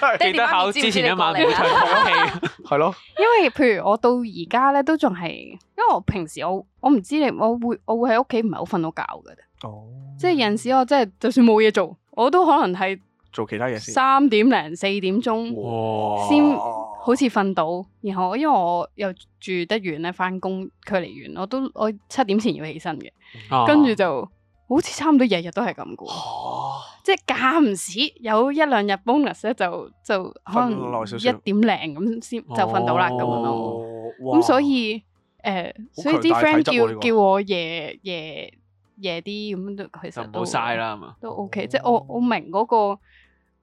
啊，爹地考之前一晚唔好頹，好氣，係咯。因為譬如我到而家咧，都仲係，因為我平時我我唔知你，我會我會喺屋企唔係好瞓到覺噶。哦。即係有時我真係就算冇嘢做，我都可能係。做其他嘢先，三點零四點鐘先哇好似瞓到，然後因為我又住得遠咧，翻工距離遠，我都我七點前要起身嘅，啊、跟住就好似差唔多日日都係咁嘅。哇即係間唔時有一兩日 bonus 咧，就就可能一點零咁先就瞓到啦咁咯，咁、啊、所以誒，所以啲 friend、啊、叫叫我夜夜夜啲咁都其實都冇嘥啦嘛，都 OK，即係我我，我明嗰個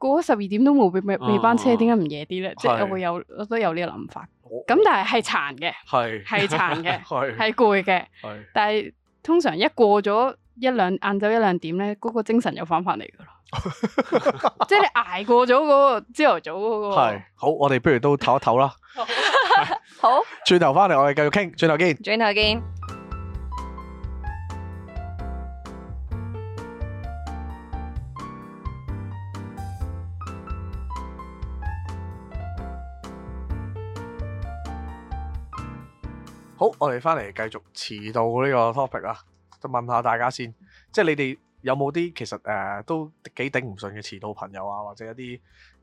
過咗十二點都冇俾未班車，點解唔夜啲咧？即係我會有，我都有呢個諗法。咁但係係殘嘅，係係殘嘅，係係攰嘅。但係通常一過咗一兩晏晝一兩點咧，嗰個精神又翻翻嚟噶咯即係你挨過咗嗰個朝頭早嗰個。係，好，我哋不如都唞一唞啦。好，轉頭翻嚟，我哋繼續傾，轉頭見。轉頭見。好，我哋翻嚟繼續遲到呢個 topic 啦，就問下大家先，即係你哋有冇啲其實誒、呃、都幾頂唔順嘅遲到朋友啊，或者一啲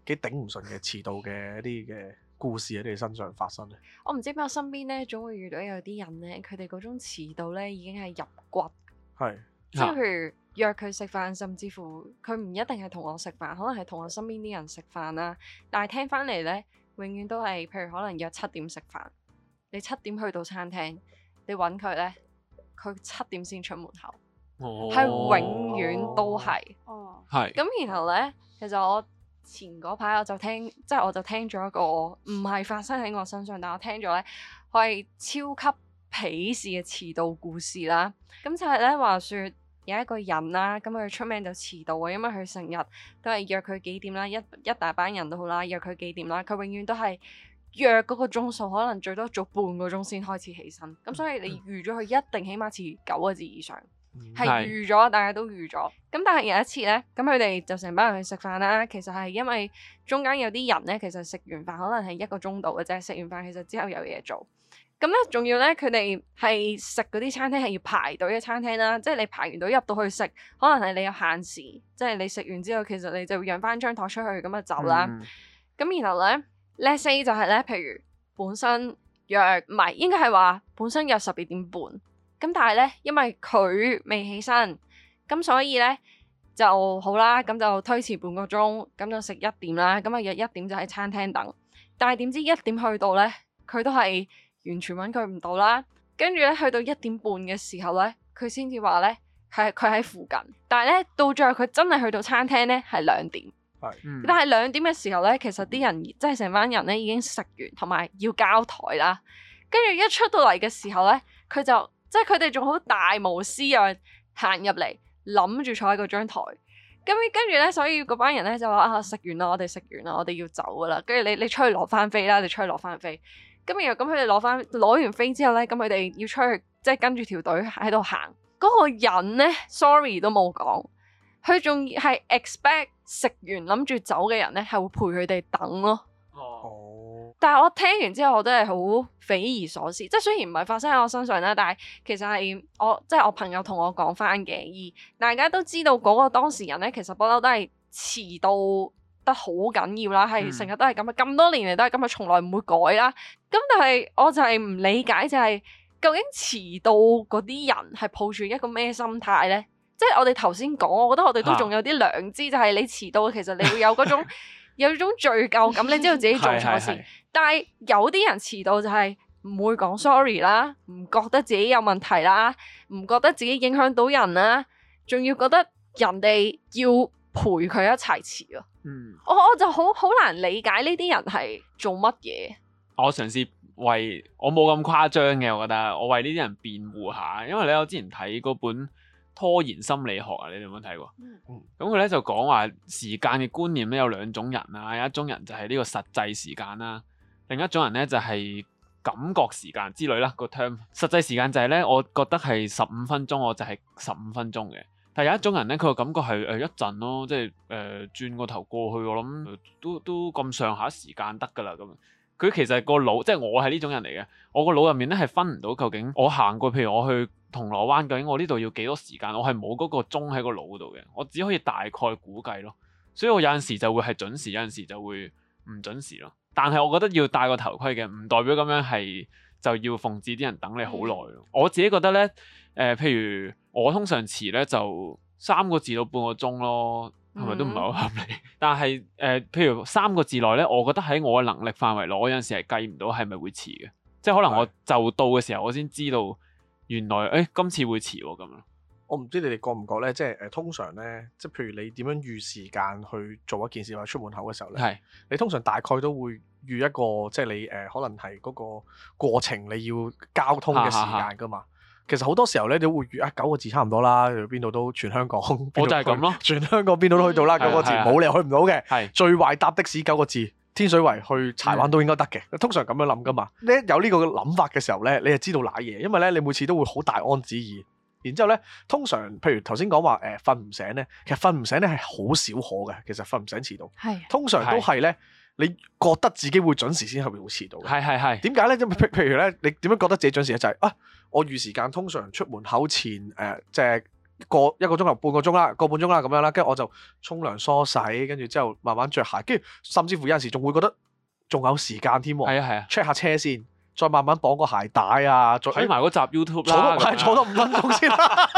幾頂唔順嘅遲到嘅一啲嘅故事喺你哋身上發生咧？我唔知，但我身邊咧，總會遇到有啲人咧，佢哋嗰種遲到咧，已經係入骨，係是即係譬如約佢食飯，甚至乎佢唔一定係同我食飯，可能係同我身邊啲人食飯啦。但係聽翻嚟咧，永遠都係譬如可能約七點食飯。你七點去到餐廳，你揾佢呢？佢七點先出門口，係、哦、永遠都係。係、哦。咁然後呢，其實我前嗰排我就聽，即係我就聽咗一個唔係發生喺我身上，但我聽咗呢，係超級鄙視嘅遲到故事啦。咁就係呢，話説有一個人啦，咁佢出名就遲到啊，因為佢成日都係約佢幾點啦，一一大班人都好啦，約佢幾點啦，佢永遠都係。約嗰個鐘數可能最多做半個鐘先開始起身，咁所以你預咗佢一定起碼遲九個字以上，係預咗，大家都預咗。咁但係有一次咧，咁佢哋就成班人去食飯啦。其實係因為中間有啲人咧，其實食完飯可能係一個鐘度嘅啫。食完飯其實之後有嘢做，咁咧仲要咧佢哋係食嗰啲餐廳係要排隊嘅餐廳啦，即係你排完隊入到去食，可能係你有限時，即係你食完之後其實你就讓翻張枱出去咁就走啦。咁、嗯、然後咧。Let's say 就係、是、呢，譬如本身約唔係應該係話本身約十二點半，咁但係呢，因為佢未起身，咁所以呢就好啦，咁就推遲半個鐘，咁就食一點啦，咁啊約一點就喺餐廳等。但係點知一點去到呢，佢都係完全揾佢唔到啦。跟住呢，去到一點半嘅時候呢，佢先至話呢，佢係佢喺附近。但係呢，到最後佢真係去到餐廳呢，係兩點。但係兩點嘅時候咧，其實啲人即係成班人咧已經食完，同埋要交枱啦。跟住一出到嚟嘅時候咧，佢就即係佢哋仲好大模斯樣行入嚟，諗住坐喺嗰張枱。咁跟住咧，所以嗰班人咧就話：啊，食完啦，我哋食完啦，我哋要走㗎啦。跟住你，你出去攞返飛啦，你出去攞返飛。咁然後咁佢哋攞返攞完飛之後咧，咁佢哋要出去，即係跟住條隊喺度行。嗰、那個人咧，sorry 都冇講。佢仲係 expect 食完，諗住走嘅人咧，係會陪佢哋等咯、啊。哦，oh. 但係我聽完之後，我都係好匪夷所思。即係雖然唔係發生喺我身上啦，但係其實係我即係我朋友同我講翻嘅。而大家都知道嗰個當事人咧，其實不嬲都係遲到得好緊要啦，係成日都係咁啊，咁多年嚟都係咁啊，從來唔會改啦。咁但係我就係唔理解，就係、係、究竟遲到嗰啲人係抱住一個咩心態咧？即係我哋頭先講，我覺得我哋都仲有啲良知，啊、就係你遲到，其實你會有嗰種 有種罪疚感，你知道自己做錯事。 但係有啲人遲到就係唔會講 sorry 啦，唔覺得自己有問題啦，唔覺得自己影響到人啦，仲要覺得人哋要陪佢一齊遲咯。嗯，我我就好好難理解呢啲人係做乜嘢。我嘗試為我冇咁誇張嘅，我覺得我為呢啲人辯護下，因為咧我之前睇嗰本。拖延心理學啊，你哋有冇睇過？咁佢咧就講話時間嘅觀念咧有兩種人啊，有一種人就係呢個實際時間啦、啊，另一種人咧就係、是、感覺時間之類啦、啊、個 term。實際時間就係咧，我覺得係十五分鐘，我就係十五分鐘嘅。但係有一種人咧，佢嘅感覺係誒、呃、一陣咯，即係誒、呃、轉個頭過去，我諗都都咁上下時間得㗎啦咁。佢其實個腦，即係我係呢種人嚟嘅，我個腦入面咧係分唔到究竟我行過，譬如我去。銅鑼灣究竟我呢度要幾多時間？我係冇嗰個鐘喺個腦度嘅，我只可以大概估計咯。所以我有陣時就會係準時，有陣時就會唔準時咯。但係我覺得要戴個頭盔嘅，唔代表咁樣係就要奉旨啲人等你好耐。嗯、我自己覺得呢，誒、呃，譬如我通常遲呢，就三個字到半個鐘咯，係咪都唔係好合理？嗯嗯 但係誒、呃，譬如三個字內呢，我覺得喺我嘅能力範圍內，我有陣時係計唔到係咪會遲嘅，即係可能我就到嘅時候，我先知道、嗯。原來誒、哎、今次會遲喎咁啊，樣，我唔知你哋覺唔覺呢？即係誒通常呢，即係譬如你點樣預時間去做一件事或者出門口嘅時候呢，是 你通常大概都會預一個即係你誒可能係嗰個過程你要交通嘅時間㗎嘛。其實好多時候呢，你會預啊九個字差唔多啦，邊度都全香港。我就係咁咯，全香港邊度都去到啦，九個字冇理由 是是 去唔到嘅。係最壞搭的，的士九個字。天水圍去柴灣都應該得嘅，通常咁樣諗㗎嘛。你有呢個諗法嘅時候呢，你就知道瀨嘢，因為呢，你每次都會好大安旨意。然之後呢，通常譬如頭先講話誒瞓唔醒呢，其實瞓唔醒呢係好少可嘅。其實瞓唔醒遲到，係是通常都係呢，你覺得自己會準時先係會遲到。係係係。點解呢？譬、譬如呢，你點樣覺得自己準時呢？就係、是、啊，我預時間通常出門口前誒即係，呃就是個一個鐘頭半個鐘啦，個半鐘啦咁樣啦，跟住我就沖涼梳洗，跟住之後慢慢着鞋，跟住甚至乎有陣時仲會覺得仲有時間添喎。係啊係啊，check 下車先，再慢慢綁個鞋帶啊，再睇埋嗰集 YouTube 坐都嗎坐唔係坐多五分鐘先啦。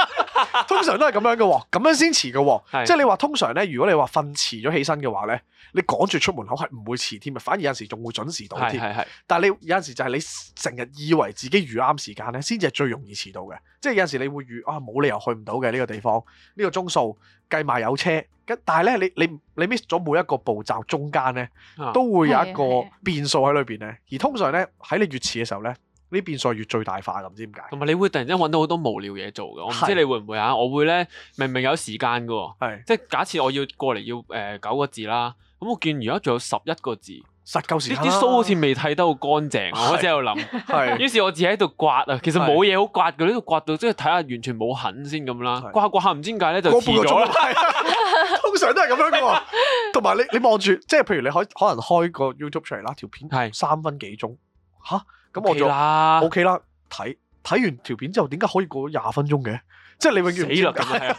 通常都係咁樣嘅，咁樣先遲嘅，是即係你話通常呢，如果你話瞓遲咗起身嘅話呢，你趕住出門口係唔會遲添嘅，反而有陣時仲會準時到添。是是是，但係你有陣時就係你成日以為自己預啱時間呢，先至係最容易遲到嘅。即係有陣時你會預啊，冇理由去唔到嘅呢個地方，呢、這個鐘數計埋有車，但係呢，你你，你 miss 咗每一個步驟中間呢、嗯、都會有一個變數喺裏邊呢。而通常呢，喺你越遲嘅時候呢。呢變數越最大化咁，唔知點解。同埋你會突然之間揾到好多無聊嘢做嘅，唔知你會唔會啊？我會咧，明明有時間嘅，即係假設我要過嚟要誒九個字啦，咁我見而家仲有十一個字，實夠時間。啲鬚好似未剃得好乾淨，我喺度諗。係，於是我自己喺度刮啊，其實冇嘢好刮嘅，呢度刮到即係睇下完全冇痕先咁啦。刮刮下，唔知點解咧就過半個鐘啦。通常都係咁樣嘅喎。同埋你你望住，即係譬如你可可能開個 YouTube 出嚟啦，條片係三分幾鐘嚇。咁我就 OK 啦，睇睇、okay、完條片之後，點解可以過咗廿分鐘嘅？即係你永遠唔知點解、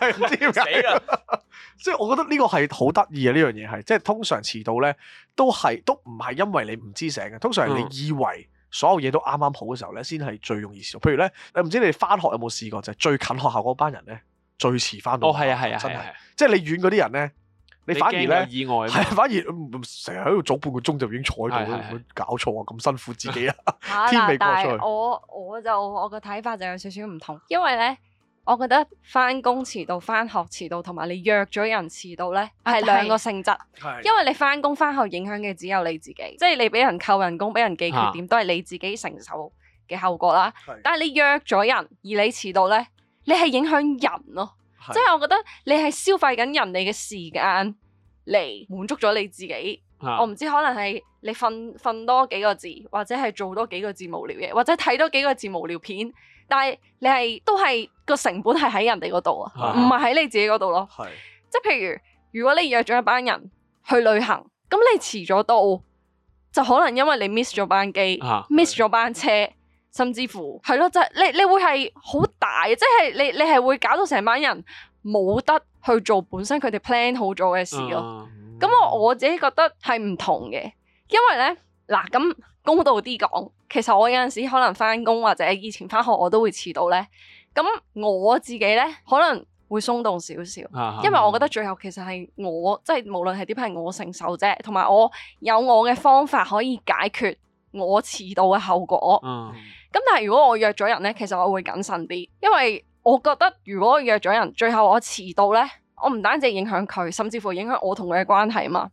嗯，死啦，即係 我覺得呢個係好得意嘅呢樣嘢，係即係通常遲到咧，都係都唔係因為你唔知醒嘅，通常你以為所有嘢都啱啱好嘅時候咧，先係最容易遲到。譬如咧，唔知你哋返學有冇試過就係、是、最近學校嗰班人咧最遲返到，哦係啊係啊，真係，即係的的你遠嗰啲人咧。你反而咧，意外係反而成日喺度早半個鐘就已經坐喺度，是是是搞錯啊！咁辛苦自己 啊！天未過，我就我就我個睇法就有少少唔同，因為咧，我覺得返工遲到、返學遲到同埋你約咗人遲到咧，係兩個性質。係、啊，因為你返工返學影響嘅只有你自己，即係是你俾人扣人工、俾人記缺點，啊、都係你自己承受嘅後果啦。是但係你約咗人而你遲到咧，你係影響人咯。是即係我覺得你係消費緊人哋嘅時間嚟滿足咗你自己，啊、我唔知可能係你瞓瞓多幾個字，或者係做多幾個字無聊嘢，或者睇多幾個字無聊片，但係你係都係個成本係喺人哋嗰度啊，唔係喺你自己嗰度咯。是即係譬如如果你約咗一班人去旅行，咁你遲咗到，就可能因為你 miss 咗班機、啊、miss 咗班車。甚至乎係咯，即係、就是、你你會係好大，即、就、係、是、你你係會搞到成班人冇得去做本身佢哋 plan 好咗嘅事咯。咁我、嗯、我自己覺得係唔同嘅，因為咧嗱咁公道啲講，其實我有陣時可能翻工或者以前翻學我都會遲到咧。咁我自己咧可能會鬆動少少，啊、因為我覺得最後其實係我即係、啊嗯、無論係點，係我承受啫，同埋我有我嘅方法可以解決。我遲到嘅後果，咁、嗯、但係如果我約咗人呢，其實我會謹慎啲，因為我覺得如果我約咗人，最後我遲到呢，我唔單止影響佢，甚至乎影響我同佢嘅關係啊嘛，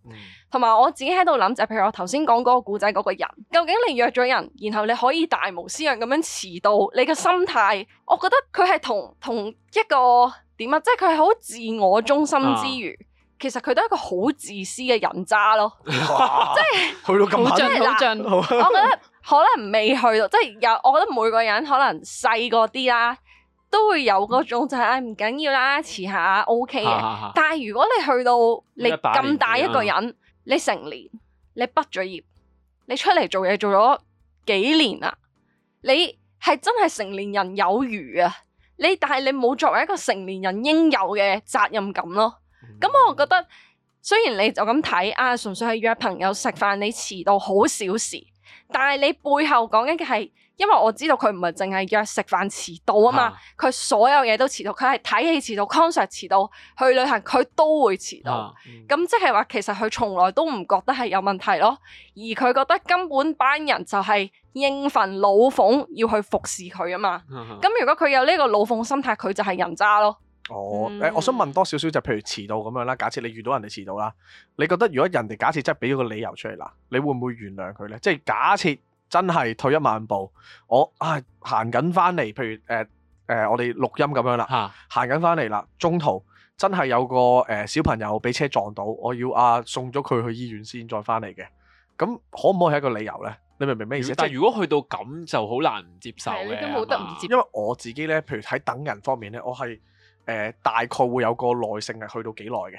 同埋、嗯、我自己喺度諗就譬如我頭先講嗰個故仔嗰個人，究竟你約咗人，然後你可以大無私樣咁樣遲到，你嘅心態，我覺得佢係同同一個點啊，即係佢係好自我中心之餘，啊其實佢都係一個好自私嘅人渣咯，哇即係是 去到咁盡， 我覺得可能未去到， 即係有我覺得每個人可能細個啲啦，都會有嗰種就係唔緊要啦，遲下 O K 嘅。啊啊、但係如果你去到你咁大一個,一個人，你成年，你畢咗業，你出嚟做嘢做咗幾年啦，你係真係成年人有餘啊，你但係你冇作為一個成年人應有嘅責任感咯。咁、嗯、我覺得，雖然你就咁睇啊，純粹係約朋友食飯，你遲到好小事。但係你背後講緊嘅係，因為我知道佢唔係淨係約食飯遲到啊嘛，佢、啊、所有嘢都遲到，佢係睇戲遲到，concert 遲到，去旅行佢都會遲到。咁即係話，嗯、其實佢從來都唔覺得係有問題咯。而佢覺得根本班人就係應份老奉要去服侍佢啊嘛。咁、啊嗯、如果佢有呢個老奉心態，佢就係人渣咯。哦，誒、欸，我想問多少少就譬如遲到咁樣啦。假設你遇到人哋遲到啦，你覺得如果人哋假設真係俾咗個理由出嚟啦，你會唔會原諒佢呢？即係假設真係退一萬步，我啊行緊翻嚟，譬如誒誒、呃呃，我哋錄音咁樣啦，行緊翻嚟啦，中途真係有個誒、呃、小朋友俾車撞到，我要啊送咗佢去醫院先再翻嚟嘅，咁可唔可以係一個理由呢？你明唔明咩意思？但係如果去到咁就好難接受嘅，受因為我自己呢，譬如喺等人方面呢，我係。呃、大概會有個耐性係去到幾耐嘅，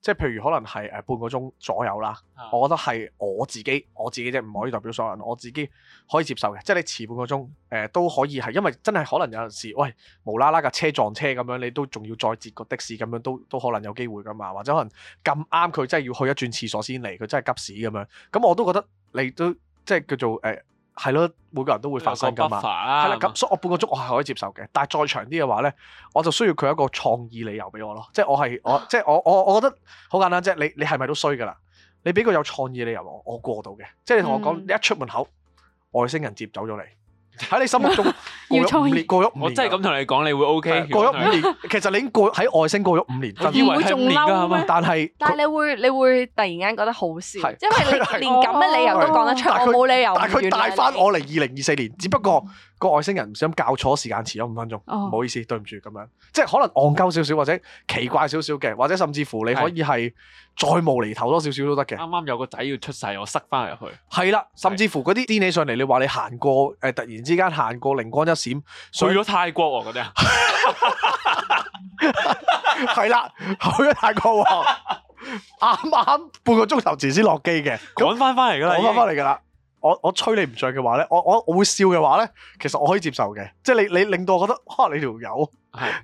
即係譬如可能係誒半個鐘左右啦。嗯、我覺得係我自己我自己啫，唔可以代表所有人。我自己可以接受嘅，即係你遲半個鐘誒、呃、都可以係，因為真係可能有陣時，喂無啦啦架車撞車咁樣，你都仲要再截個的士咁樣，都都可能有機會㗎嘛。或者可能咁啱佢真係要去一轉廁所先嚟，佢真係急屎咁樣。咁我都覺得你都即係叫做誒。呃係囉，每個人都會發生㗎嘛。係啦、啊，咁了嗎所以我半個鐘我係可以接受嘅。但係再長啲嘅話呢，我就需要佢一個創意理由俾我咯。即係我係我， 我，我我我覺得好簡單啫。你你係咪都衰㗎喇？你俾個有創意理由我，我過到嘅。即係你同我講，嗯、你一出門口外星人接走咗你。喺你心目中，過咗五年，我真係咁同你講，你會 O K，過咗五年，其實你已經過喺外星過咗五年。我以為仲嬲啊，但係但係你會你會突然間覺得好笑，因為你連咁嘅理由都講得出，我冇理由。但係佢帶翻我嚟二零二四年，只不過。個外星人唔小心教錯時間，遲咗五分鐘，唔、oh. 好意思，對唔住咁樣，即係可能戇鳩少少或者奇怪少少嘅，或者甚至乎你可以係再無厘頭多少少都得嘅。啱啱有個仔要出世，我塞翻入去。係啦，甚至乎嗰啲癲起上嚟，你話你行過誒、呃，突然之間行過靈光一閃，水去咗泰國喎嗰啲啊，係啦， 去咗泰國喎，啱啱 半個鐘頭前先落機嘅，趕翻翻嚟㗎啦，翻嚟㗎啦。我我吹你唔上嘅話咧，我我我會笑嘅話咧，其實我可以接受嘅，即係你你令到我覺得嚇你條友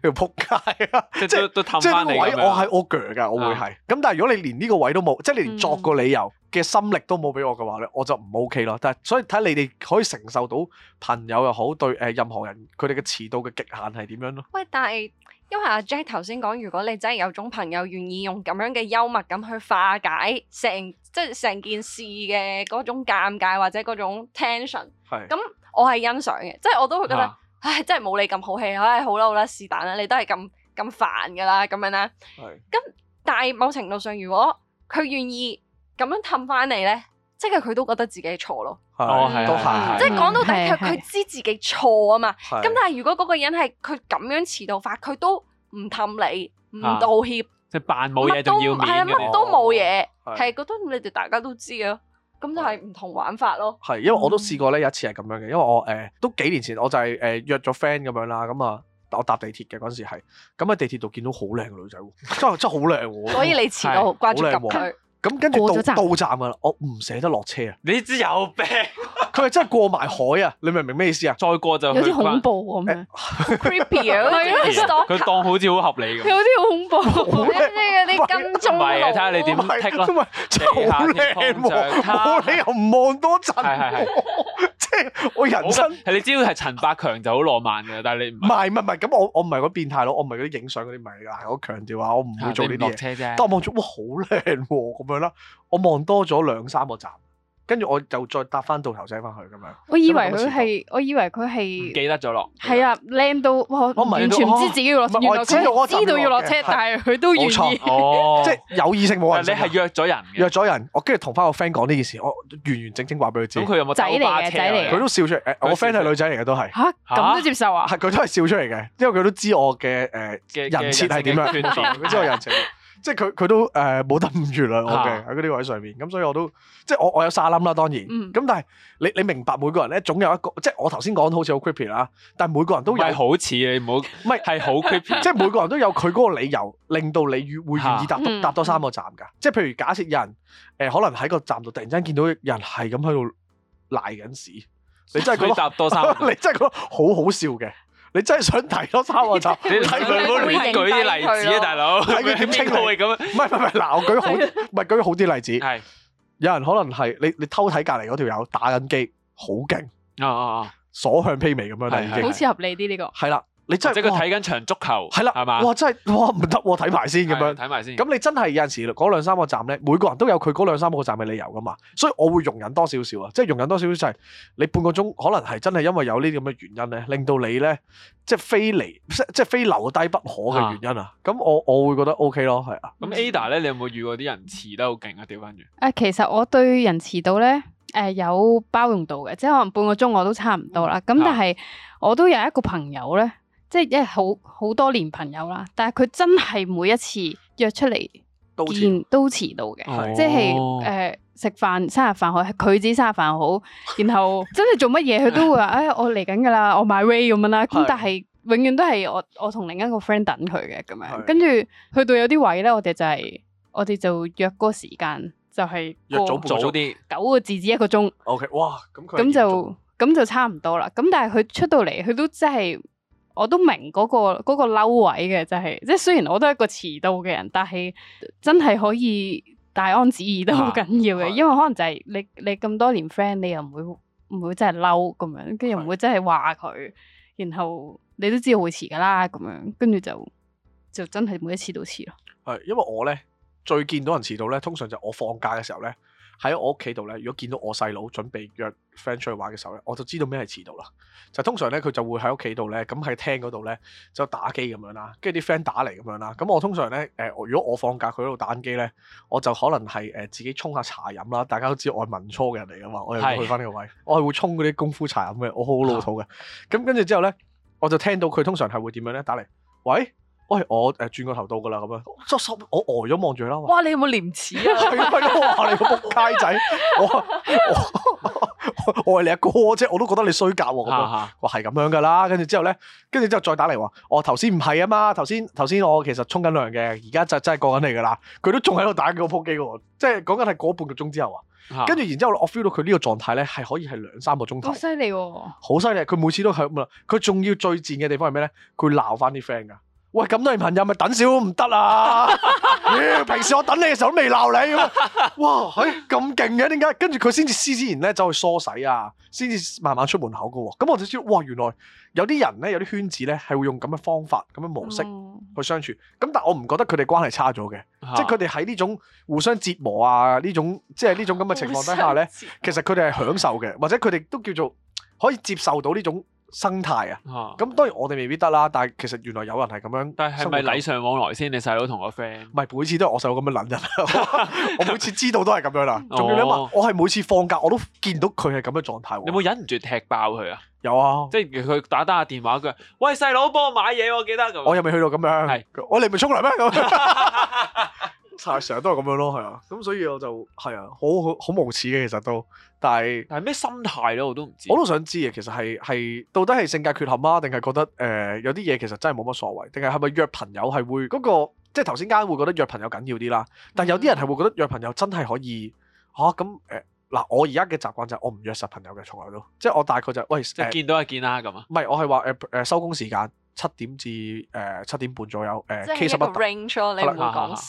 條撲街啊！的啊 即係即係位我我，我係我嘅。」我會係。咁但係如果你連呢個位都冇，即係你連作個理由嘅心力都冇俾我嘅話咧，嗯、我就唔 OK 啦。但係所以睇你哋可以承受到朋友又好，對誒任何人佢哋嘅遲到嘅極限係點樣咯？喂，但係。因為阿 Jack 頭先講，如果你真係有種朋友願意用咁樣嘅幽默咁去化解成即係成件事嘅嗰種尷尬或者嗰種 tension，咁是我係欣賞嘅，即、就、係、是、我都會覺得，啊、唉，真係冇你咁好氣，唉，好嬲啦，是但啦，你都係咁咁煩噶啦，咁樣啦，咁是但係某程度上，如果佢願意咁樣氹翻你咧。即係佢都覺得自己係錯咯，係，都即係講到底，佢佢知自己錯啊嘛。咁但係如果嗰個人係佢咁樣遲到法，佢都唔氹你，唔道歉，即係扮冇嘢，仲要面嘅。乜都冇嘢，係覺得你哋大家都知啊。咁就係唔同玩法咯。係，因為我都試過呢有一次係咁樣嘅。因為我誒都幾年前，我就係誒約咗 friend 咁樣啦。咁啊，我搭地鐵嘅嗰陣時係咁，喺地鐵度見到好靚嘅女仔喎，真係真係好靚喎。所以你遲到，關注佢。咁跟住到到站噶啦，我唔捨得落車啊！你知有病，佢係真係過埋海啊！你明唔明咩意思啊？再過就有啲恐怖咁樣，creepy 佢當好似好合理咁，佢好似好恐怖，即啲跟蹤。唔係嘅，睇下你點剔啦，斜下睇，冇理由唔望多陣。係係係。 我人生係 你只要係陳百強就好浪漫嘅，但係你唔係唔係唔係，咁我我唔係嗰變態佬，我唔係嗰啲影相嗰啲咪㗎，我強調話我唔會做呢啲嘢啫。啊、但望住，哇好靚喎，咁樣啦，我望多咗兩三個站。跟住我就再搭翻渡頭仔翻去咁樣。我以為佢係，我以為佢係記得咗咯。係啊，靚到我完全唔知自己要落車，原來我知道要落車，但係佢都願意。即係有意識冇人。你係約咗人嘅。約咗人，我跟住同翻個 friend 講呢件事，我完完整整話俾佢知。咁佢有冇仔嚟嘅仔嚟？佢都笑出嚟。我個 friend 係女仔嚟嘅都係。吓？咁都接受啊？佢都係笑出嚟嘅，因為佢都知我嘅誒嘅人設係點樣，佢知我人設。即係佢佢都誒冇得唔原諒我嘅，喺嗰啲位上面，咁所以我都即係我我有沙冧啦，當然。咁、嗯、但係你你明白每個人咧總有一個，即係我頭先講好似好 creepy 啦，但係每個人都有好似你唔好唔係係好 creepy 即係每個人都有佢嗰個理由令到你會願意搭多搭多三個站㗎。即係譬如假設有人誒、呃、可能喺個站度突然間見到有人係咁喺度賴緊屎，你真係覺得搭多三個站， 你真係覺得好好笑嘅。你真係想提多三個就睇佢唔好亂舉啲例子啊，大佬睇佢點稱號咁樣，唔係唔係嗱，我舉好唔係 是的 舉好啲例子，係 是的 有人可能係你你偷睇隔籬嗰條友打緊機， 好勁啊啊啊，所向披靡咁樣，但係已經，好似合理啲呢 的、這個係啦。你真係即佢睇緊場足球，係啦哇，係嘛吧？哇！真係哇，唔得喎，睇埋先咁樣睇埋先。咁你真係有陣時，嗰兩三個站咧，每個人都有佢嗰兩三個站嘅理由噶嘛。所以我會容忍多少少啊，即係容忍多少少就係、是、你半個鐘可能係真係因為有呢啲咁嘅原因咧，令到你咧即係非離即係非留低不可嘅原因啊。咁我我會覺得 O、OK、K 咯，係啊。咁 Ada 咧，你有冇遇過啲人遲得好勁啊？屌翻住。啊，其實我對人遲到咧誒有包容度嘅，即係可能半個鐘我都差唔多啦。咁、嗯、但係我都有一個朋友咧。即係一好好多年朋友啦，但係佢真係每一次約出嚟見都遲遲到嘅。哦、即係誒食飯生日飯好，佢自己生日飯好， 然後真係做乜嘢佢都會話： 哎，我嚟緊噶啦，我買 ray 咁樣啦。咁是但係永遠都係我我同另一個 friend 等佢嘅咁樣，是跟住去到有啲位咧，我哋就係、是、我哋就約個時間，就係、是、約早早啲九個字至一個鐘。O K，哇，咁咁就咁就差唔多啦。咁但係佢出到嚟，佢都真係。我都明嗰、嗰個、嗰個嬲位嘅，即係即係雖然我都係一個遲到嘅人，但係真係可以大安旨意都好緊要嘅。啊、因為可能就係你你咁多年 friend，你又唔會唔會真係嬲咁樣，跟住又唔會真係話佢，的然後你都知道會遲噶啦，咁樣跟住就就真係每一次都遲咯。係因為我咧最見到人遲到咧，通常就我放假嘅時候咧。喺我屋企度咧，如果見到我細佬準備約 friend 出去玩嘅時候咧，我就知道咩係遲到啦。就是、通常咧，佢就會喺屋企度咧，咁喺廳嗰度咧就打機咁樣啦，跟住啲 friend 打嚟咁樣啦。咁我通常咧，誒、呃、如果我放假佢喺度打緊機咧，我就可能係誒、呃、自己沖下茶飲啦。大家都知我係民初嘅人嚟㗎嘛，我又要去返呢個位，的我係會沖嗰啲功夫茶飲嘅，我好老土嘅。咁跟住之後咧，我就聽到佢通常係會點樣咧？打嚟，喂。喂、哎，我誒、呃、轉個頭到噶啦，咁樣，十十、呃，我呆咗望住佢啦。哇，你有冇廉恥啊？係啊， 我話 你個仆街仔，我我我係你阿哥啫，我都覺得你衰格喎。咁樣，話係咁樣噶啦。跟住之後咧，跟住之後再打嚟話，我頭先唔係啊嘛，頭先頭先我其實沖緊涼嘅，而家就真係過緊嚟噶啦。佢都仲喺度打緊個撲機喎，即係講緊係過半個鐘之後啊。跟住然之後，後我 feel 到佢呢個狀態咧，係可以係兩三個鐘頭。好犀利喎！好犀利，佢每次都係咁啊，佢仲要最賤嘅地方係咩咧？佢鬧翻啲 friend 噶。喂，咁多人朋友咪等少唔得啊？ 平時我等你嘅時候都未鬧你，哇，咁勁嘅？點解？跟住佢先至施之然施施然咧走去梳洗啊，先至慢慢出門口嘅、啊。咁、嗯、我就知道，哇，原來有啲人咧，有啲圈子咧係會用咁嘅方法、咁嘅模式去相處。咁、嗯、但係我唔覺得佢哋關係差咗嘅，啊、即係佢哋喺呢種互相折磨啊呢種，即係呢種咁嘅情況底下咧，其實佢哋係享受嘅，或者佢哋都叫做可以接受到呢種。生態啊，咁當然我哋未必得啦，但係其實原來有人係咁樣。但係係咪禮尚往來先？你細佬同個 friend，唔係每次都係我細佬咁樣諗人， 我每次知道都係咁樣啦。仲、哦、要一問，我係每次放假我都見到佢係咁嘅狀態喎。你有冇忍唔住踢爆佢啊？有啊，即係佢打打下電話，佢話喂，細佬幫我買嘢，我記得。我又未去到咁樣，我是你咪係沖涼咩？咩？ 成日 都係咁樣咯，係啊，咁所以我就係啊，好好好無恥嘅，其實都，但係但係咩心態咯，我都唔知。我都想知啊。其實係係到底係性格缺陷啊，定係覺得誒、呃、有啲嘢其實真係冇乜所謂，定係係咪約朋友係會嗰、嗰個即係頭先間會覺得約朋友緊要啲啦？但係有啲人係會覺得約朋友真係可以吓咁誒嗱，我而家嘅習慣就係我唔約實朋友嘅，從來都即係我大概就係、喂，即係見到就見啦咁啊？唔係、呃，我係話誒誒收工時間。七點至誒七點半左右誒，K 十不等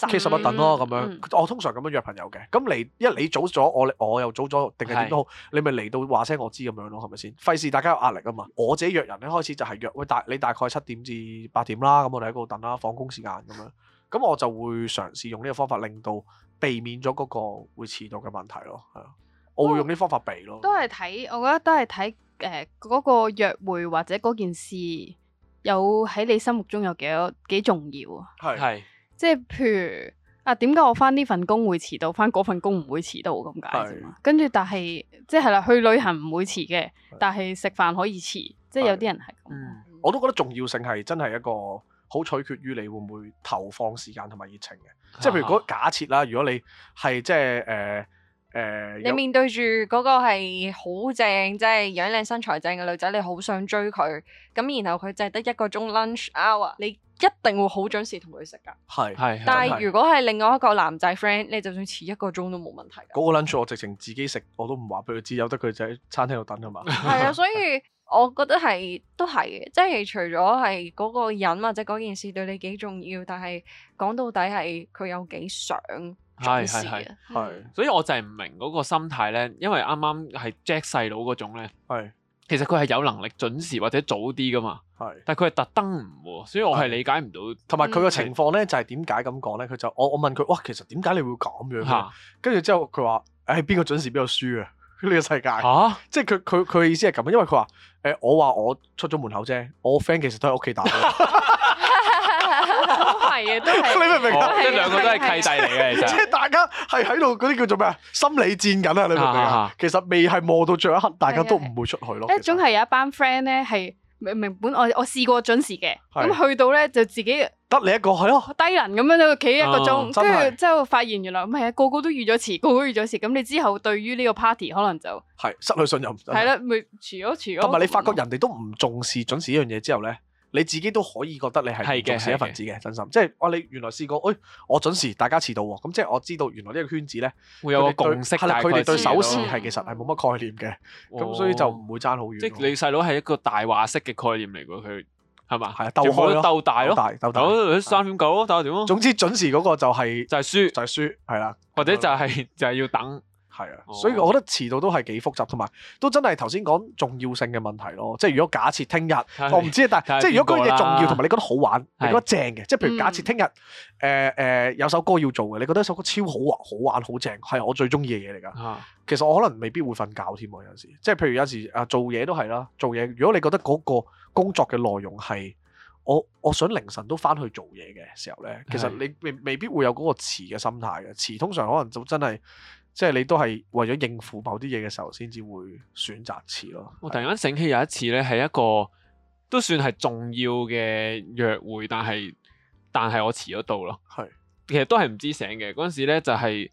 ，K 十不等咯咁樣。我通常咁樣約朋友嘅，咁嚟，因為你早咗，我我又早咗，定係點都好，是你咪嚟到話聲我知咁樣咯，係咪先？費事大家有壓力啊嘛。我自己約人咧，開始就係約喂，大你大概七點至八點啦，咁我哋喺嗰度等啦，放工時間咁樣。咁我就會嘗試用呢個方法，令到避免咗嗰個會遲到嘅問題咯。係啊、嗯，我會用啲方法避咯、哦。都係睇，我覺得都係睇誒嗰個約會或者嗰件事。有喺你心目中有幾多幾重要是啊？係是，即係譬如啊，點解我返呢份工會遲到，返嗰份工唔會遲到咁解。跟住但係即係啦，去旅行唔會遲嘅，是但係食飯可以遲，是即係有啲人係咁。我都覺得重要性係真係一個好取決於你會唔會投放時間同埋熱情嘅。即係譬如如果假設啦，如果你係即係誒。呃誒，呃、你面對住嗰個係好正，即係樣靚身材正嘅女仔，你好想追佢，咁然後佢淨係得一個鐘 lunch hour，你一定會好準時同佢食噶。係係，但係如果係另外一個男仔 friend，你就算遲一個鐘都冇問題。嗰個 lunch 我直情自己食，我都唔話俾佢知，由得佢就喺餐廳度等㗎嘛。係 啊，所以我覺得係都係嘅，即係除咗係嗰個人或者嗰件事對你幾重要，但係講到底係佢有幾想。係係係，係，是所以我就係唔明嗰個心態咧，因為啱啱係 Jack 細佬嗰種咧，係是，其實佢係有能力準時或者早啲噶嘛，係是，但係佢係特登唔，所以我係理解唔到，同埋佢個情況咧就係點解咁講咧，佢、嗯、就我我問佢，哇，其實點解你會咁樣嘅？跟住之後佢話，誒、哎，邊個準時邊個輸啊？呢 個世界，吓、啊，即係佢佢佢嘅意思係咁，因為佢話，誒、呃，我話我出咗門口啫，我 friend 其實都喺屋企打。 係嘅，都係，你明唔明啊？即係兩個都係契弟嚟嘅，即係大家係喺度嗰啲叫做咩啊？心理戰緊啊！你明唔明啊？ 其實未係磨到最後一刻，大家都唔會出去咯。一種係有一班 friend 咧係明明本，我我試過準時嘅，咁是去到咧就自己得你一個係咯，低能咁樣都企一個鐘，跟住之後發現原來唔係啊，個個都預咗遲，個個預咗遲，咁你之後對於呢個 party 可能就係失去信任。係咯，咪遲咗遲咗。同埋你發覺人哋都唔重視準時呢樣嘢之後咧。你自己都可以覺得你係做事一份子嘅，真心即係哇！你原來試過，誒，我準時，大家遲到喎，咁即係我知道原來呢個圈子咧會有個共識，但係佢哋對守時係其實係冇乜概念嘅，咁所以就唔會爭好遠。即係你細佬係一個大話式嘅概念嚟喎，佢係嘛？係鬥大咯，鬥大咯，三點九打個電話。總之準時嗰個就係就係輸，就係輸，係啦，或者就係就係要等。係啊，所以我覺得遲到都係幾複雜，同埋都真係頭先講重要性嘅問題咯。即係的如果假設聽日，我唔知，但係即係如果嗰樣嘢重要，同埋的你覺得好玩，的你覺得正嘅，即係譬如假設聽日誒誒有首歌要做嘅，你覺得首歌超好玩、好玩、好正，係我最中意嘅嘢嚟㗎。的其實我可能未必會瞓覺添，有時即係譬如有時啊做嘢都係啦，做嘢如果你覺得嗰個工作嘅內容係我我想凌晨都翻去做嘢嘅時候咧，其實你未未必會有嗰個遲嘅心態嘅。遲通常可能就真係。即係你都係為咗應付某啲嘢嘅時候，先至會選擇遲咯。我突然間醒起有一次咧，係一個都算係重要嘅約會，但係但係我遲咗到咯。係的，其實都係唔知醒嘅嗰陣時咧、就是，就係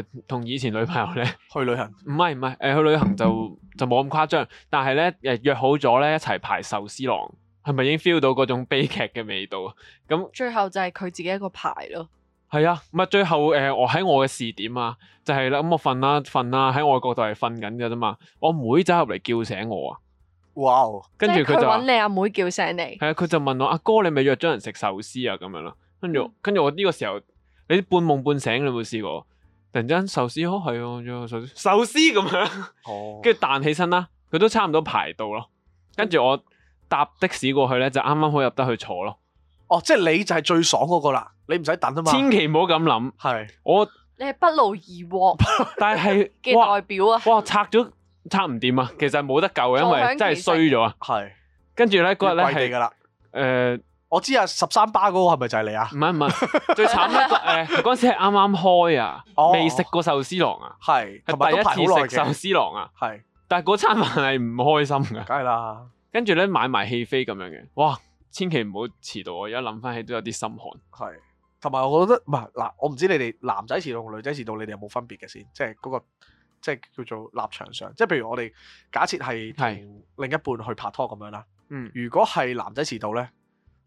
誒同以前女朋友咧去旅行。唔係唔係，誒、呃、去旅行就就冇咁誇張。但係咧誒約好咗咧一齊排壽司郎，係咪已經 feel 到嗰種悲劇嘅味道啊？咁最後就係佢自己一個排咯。係啊，咪最後誒，呃、我喺我嘅視點啊，就係、是、啦，咁、嗯、我瞓啦瞓啦，喺、啊、我角度係瞓緊嘅啫嘛。我妹走入嚟叫醒我啊，哇 Wow！跟住佢就揾你阿妹叫醒你，係啊，佢就問我阿哥，你咪約咗人食壽司啊咁樣咯、啊。跟住、嗯、跟住我呢個時候，你半夢半醒，你有冇試過？突然之間壽司，哦係哦，壽壽、啊、司咁樣、啊，跟住彈起身啦，佢都差唔多排到咯。跟住我搭的士過去咧，就啱啱好入得去坐咯。哦，即係你就係最爽嗰個啦，你唔使等啊嘛！千祈唔好咁諗，係我你係不勞而獲，但係嘅代表啊，哇拆咗差唔掂啊，其實冇得救，因為真係衰咗啊！係跟住咧嗰日咧係誒，我知啊十三巴嗰個係咪就係你啊？唔係唔係，最慘咧誒，嗰陣時係啱啱開啊，未食過壽司郎啊，係係第一次食壽司郎啊，係但係嗰餐飯係唔開心噶，梗係啦，跟住咧買埋戲飛咁樣嘅，哇！千祈唔好遲到啊！而家諗翻起都有啲心寒。係，同埋我覺得唔係嗱，我唔知你哋男仔遲到同女仔遲到，你哋有冇分別嘅先？即係嗰、嗰個即係叫做立場上，即係譬如我哋假設係同另一半去拍拖咁樣啦。嗯，係，如果係男仔遲到咧，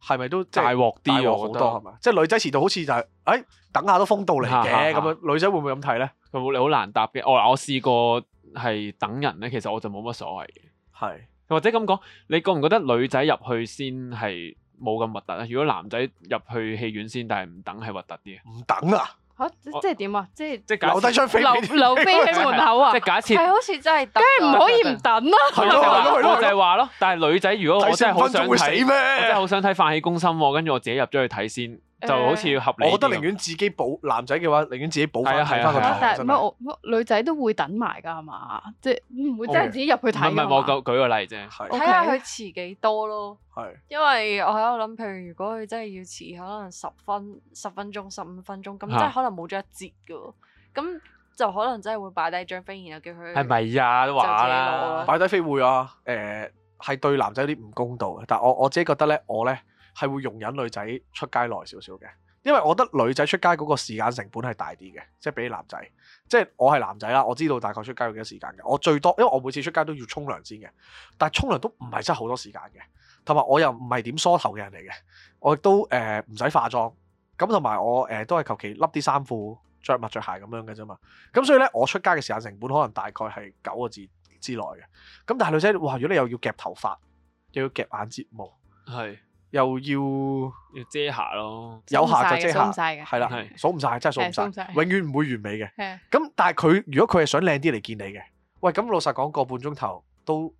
係咪都即係大鑊啲？好多我覺得係嘛？即係女仔遲到好似就係、係、誒、哎，等下都封到你嘅咁樣，女仔會唔會咁睇咧？佢你好難答嘅。我、哦、我試過係等人咧，其實我就冇乜所謂嘅。係，係。或者咁講，你覺唔覺得女仔入去先係冇咁核突咧？如果男仔入去戲院先，但係唔等係核突啲啊？唔等啊？嚇！即係點啊？即係即係假留是留，留飛喺門口啊！即係假設，好似真係等。當然唔可以唔等咯。係咯係咯係咯，就係話但係女仔如果線我真係好想睇會死，我真係好想睇《泛起公心》，跟住我自己入咗去睇先。就好似要合理，我覺得寧願自己補男仔嘅話，寧願自己補翻，補翻個。是的 的但係唔係我女仔都會等埋㗎係嘛？Okay. 即係唔會真係自己入去睇。唔係，我舉舉個例啫。我睇下佢遲幾多咯。係的。因為我喺度諗，譬如如果佢真係要遲，可能十分十分鐘、十五分鐘，咁即係可能冇咗一節㗎。咁、啊、就可能真係會擺低張飛，然後叫佢。係咪呀？都話啦。擺低飛會啊！誒、呃，係對男仔有啲唔公道嘅。但係我我，我自己覺得咧，我咧。係會容忍女仔出街耐少少嘅，因為我覺得女仔出街嗰個時間成本係大啲嘅，即係比男仔。即係我係男仔啦，我知道大概出街用幾多時間嘅。我最多，因為我每次出街都要沖涼先嘅，但係沖涼都唔係真係好多時間嘅。同埋我又唔係點梳頭嘅人嚟嘅，我亦都誒唔使化妝。咁同埋我誒、呃、都係求其笠啲衫褲、着襪、着鞋咁樣嘅啫嘛。咁所以呢，我出街嘅時間成本可能大概係九個字之內嘅。咁但係女仔，哇！如果你又要夾頭髮，又要夾眼睫毛，係。又要遮瑕咯，有瑕就遮瑕，係啦，數唔晒，真係數唔晒，是永遠唔會完美嘅。咁是但係佢如果佢係想靚啲嚟見你嘅，喂，咁老實講，個半鐘頭都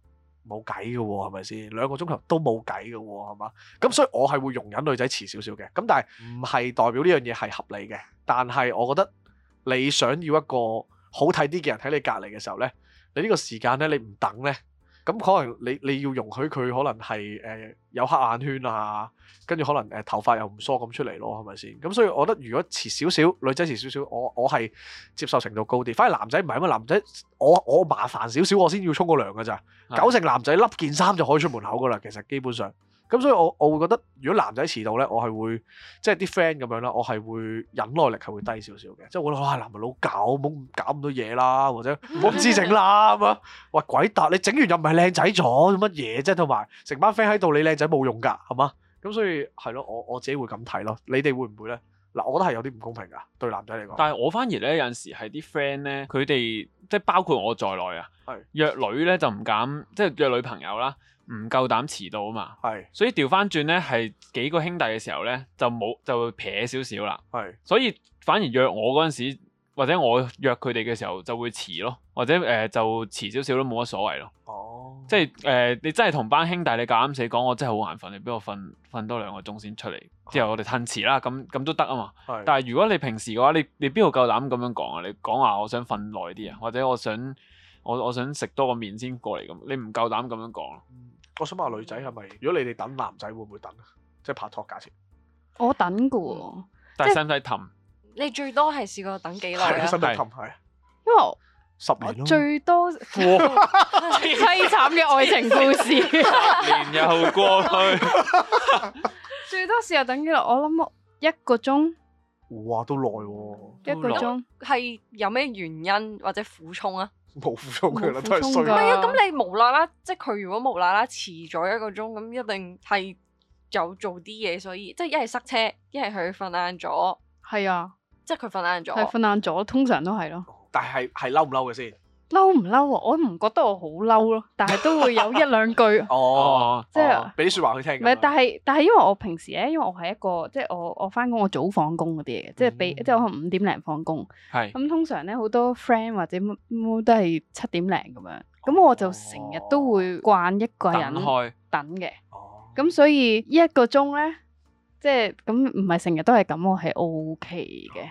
冇計嘅喎，係咪先？兩個鐘頭都冇計嘅喎，係嘛？咁、嗯、所以我係會容忍女仔遲少少嘅，咁但係唔係代表呢樣嘢係合理嘅。但係我覺得你想要一個好睇啲嘅人喺你隔籬嘅時候呢，你呢個時間呢，你唔等呢。咁可能你你要容許佢可能係誒、呃、有黑眼圈啊，跟住可能誒、呃、頭髮又唔梳咁出嚟咯，係咪先？咁所以我覺得如果遲少少女仔遲少少，我我係接受程度高啲。反而男仔唔係咩，男仔我我麻煩少少，我先要沖個涼㗎咋。是的 九成男仔笠件衫就可以出門口㗎喇，其實基本上。咁所以我我會覺得，如果男仔遲到咧，我係會即係啲 friend 咁樣啦，我係會忍耐力係會低少少嘅，即係我覺得哇，男人老狗唔好搞咁多嘢啦，或者唔知整啦咁啊！喂， 鬼搭，你整完又唔係靚仔咗，乜嘢啫？同埋成班 friend 喺度，你靚仔冇用噶，係嘛？咁所以係咯，我我自己會咁睇咯。你哋會唔會咧？嗱，我覺得係有啲唔公平噶，對男仔嚟講。但係我反而咧有陣時係啲 friend 咧，佢哋即係包括我在內啊，約女咧就唔敢，即係約女朋友啦。唔夠膽遲到啊嘛，係是，所以調翻轉咧係幾個兄弟嘅時候咧就冇就會撇少少啦，係是，所以反而約我嗰陣時或者我約佢哋嘅時候就會遲咯，或者誒、呃、就遲少少都冇乜所謂咯，哦，即係誒、呃、你真係同班兄弟你夾啱，死夠膽死講我真係好眼瞓，你俾我瞓瞓多兩個鐘先出嚟，之後我哋褪遲啦，咁咁都得啊嘛，是但係如果你平時嘅話，你你邊度夠膽咁樣講啊？你講話我想瞓耐啲啊，或者我想我我想食多個麵先過嚟咁，你唔夠膽咁樣講。嗯。我想問女仔係咪？如果你哋等男仔會唔會等啊？即係拍拖價錢。我等嘅，但係使唔使氹？你最多係試過等幾耐啊？使唔使氹係？因為十年最多。淒慘嘅愛情故事，年又過去。最多試下等幾耐？我諗一個鐘。哇，都耐喎！一個鐘係有咩原因或者苦衷啊？冇附送佢啦，都係。唔係啊，咁你無啦啦，即係佢如果無啦啦遲咗一個鐘，咁一定係有做啲嘢，所以即係一係塞車，一係佢瞓晏咗。係啊，即係佢瞓晏咗。係瞓晏咗，通常都係咯。但係係嬲唔嬲嘅先？嬲唔嬲？我唔覺得我好嬲咯，但係都會有一兩句， 哦，即係俾説話佢聽。唔係、哦哦，但係但係因為我平時咧，因為我係一個即係我我返工我早放工嗰啲嘢即係比即係可能五點零放工。係咁是，通常咧好多 friend 或者、嗯、都係七點零咁樣，咁、哦、我就成日都會慣一個人等嘅。哦開，咁所以一個鐘咧，即係咁唔係成日都係咁，我係 OK 嘅。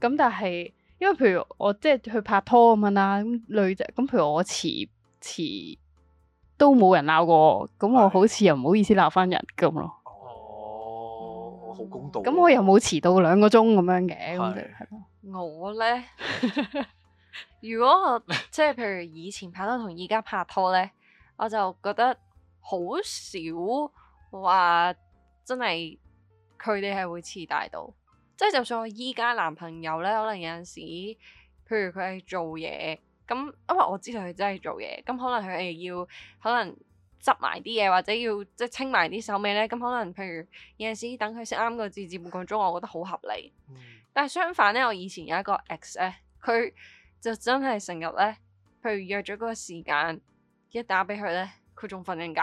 咁、嗯、但係。因為譬如我即係去拍拖咁樣啦，咁女仔咁譬如我遲遲都冇人鬧過，咁我好似又唔好意思鬧返人咁咯。哦的，好公道。咁我又冇遲到兩個鐘咁樣嘅，咁的我咧呢， 如果我即係譬如以前拍拖同而家拍拖咧，我就覺得好少話真係佢哋係會遲大到。即係，就算我依家男朋友咧，可能有陣時，譬如佢係做嘢，咁因為我知道佢真係做嘢，咁可能佢係要可能執埋啲嘢，或者要即係清埋啲手尾咧，咁可能譬如，譬如有陣時等佢先啱個字至半個鐘，我覺得好合理。嗯、但係相反咧，我以前有一個 ex 咧，佢就真係成日咧，譬如約咗嗰個時間，一打俾佢咧，佢仲瞓緊覺，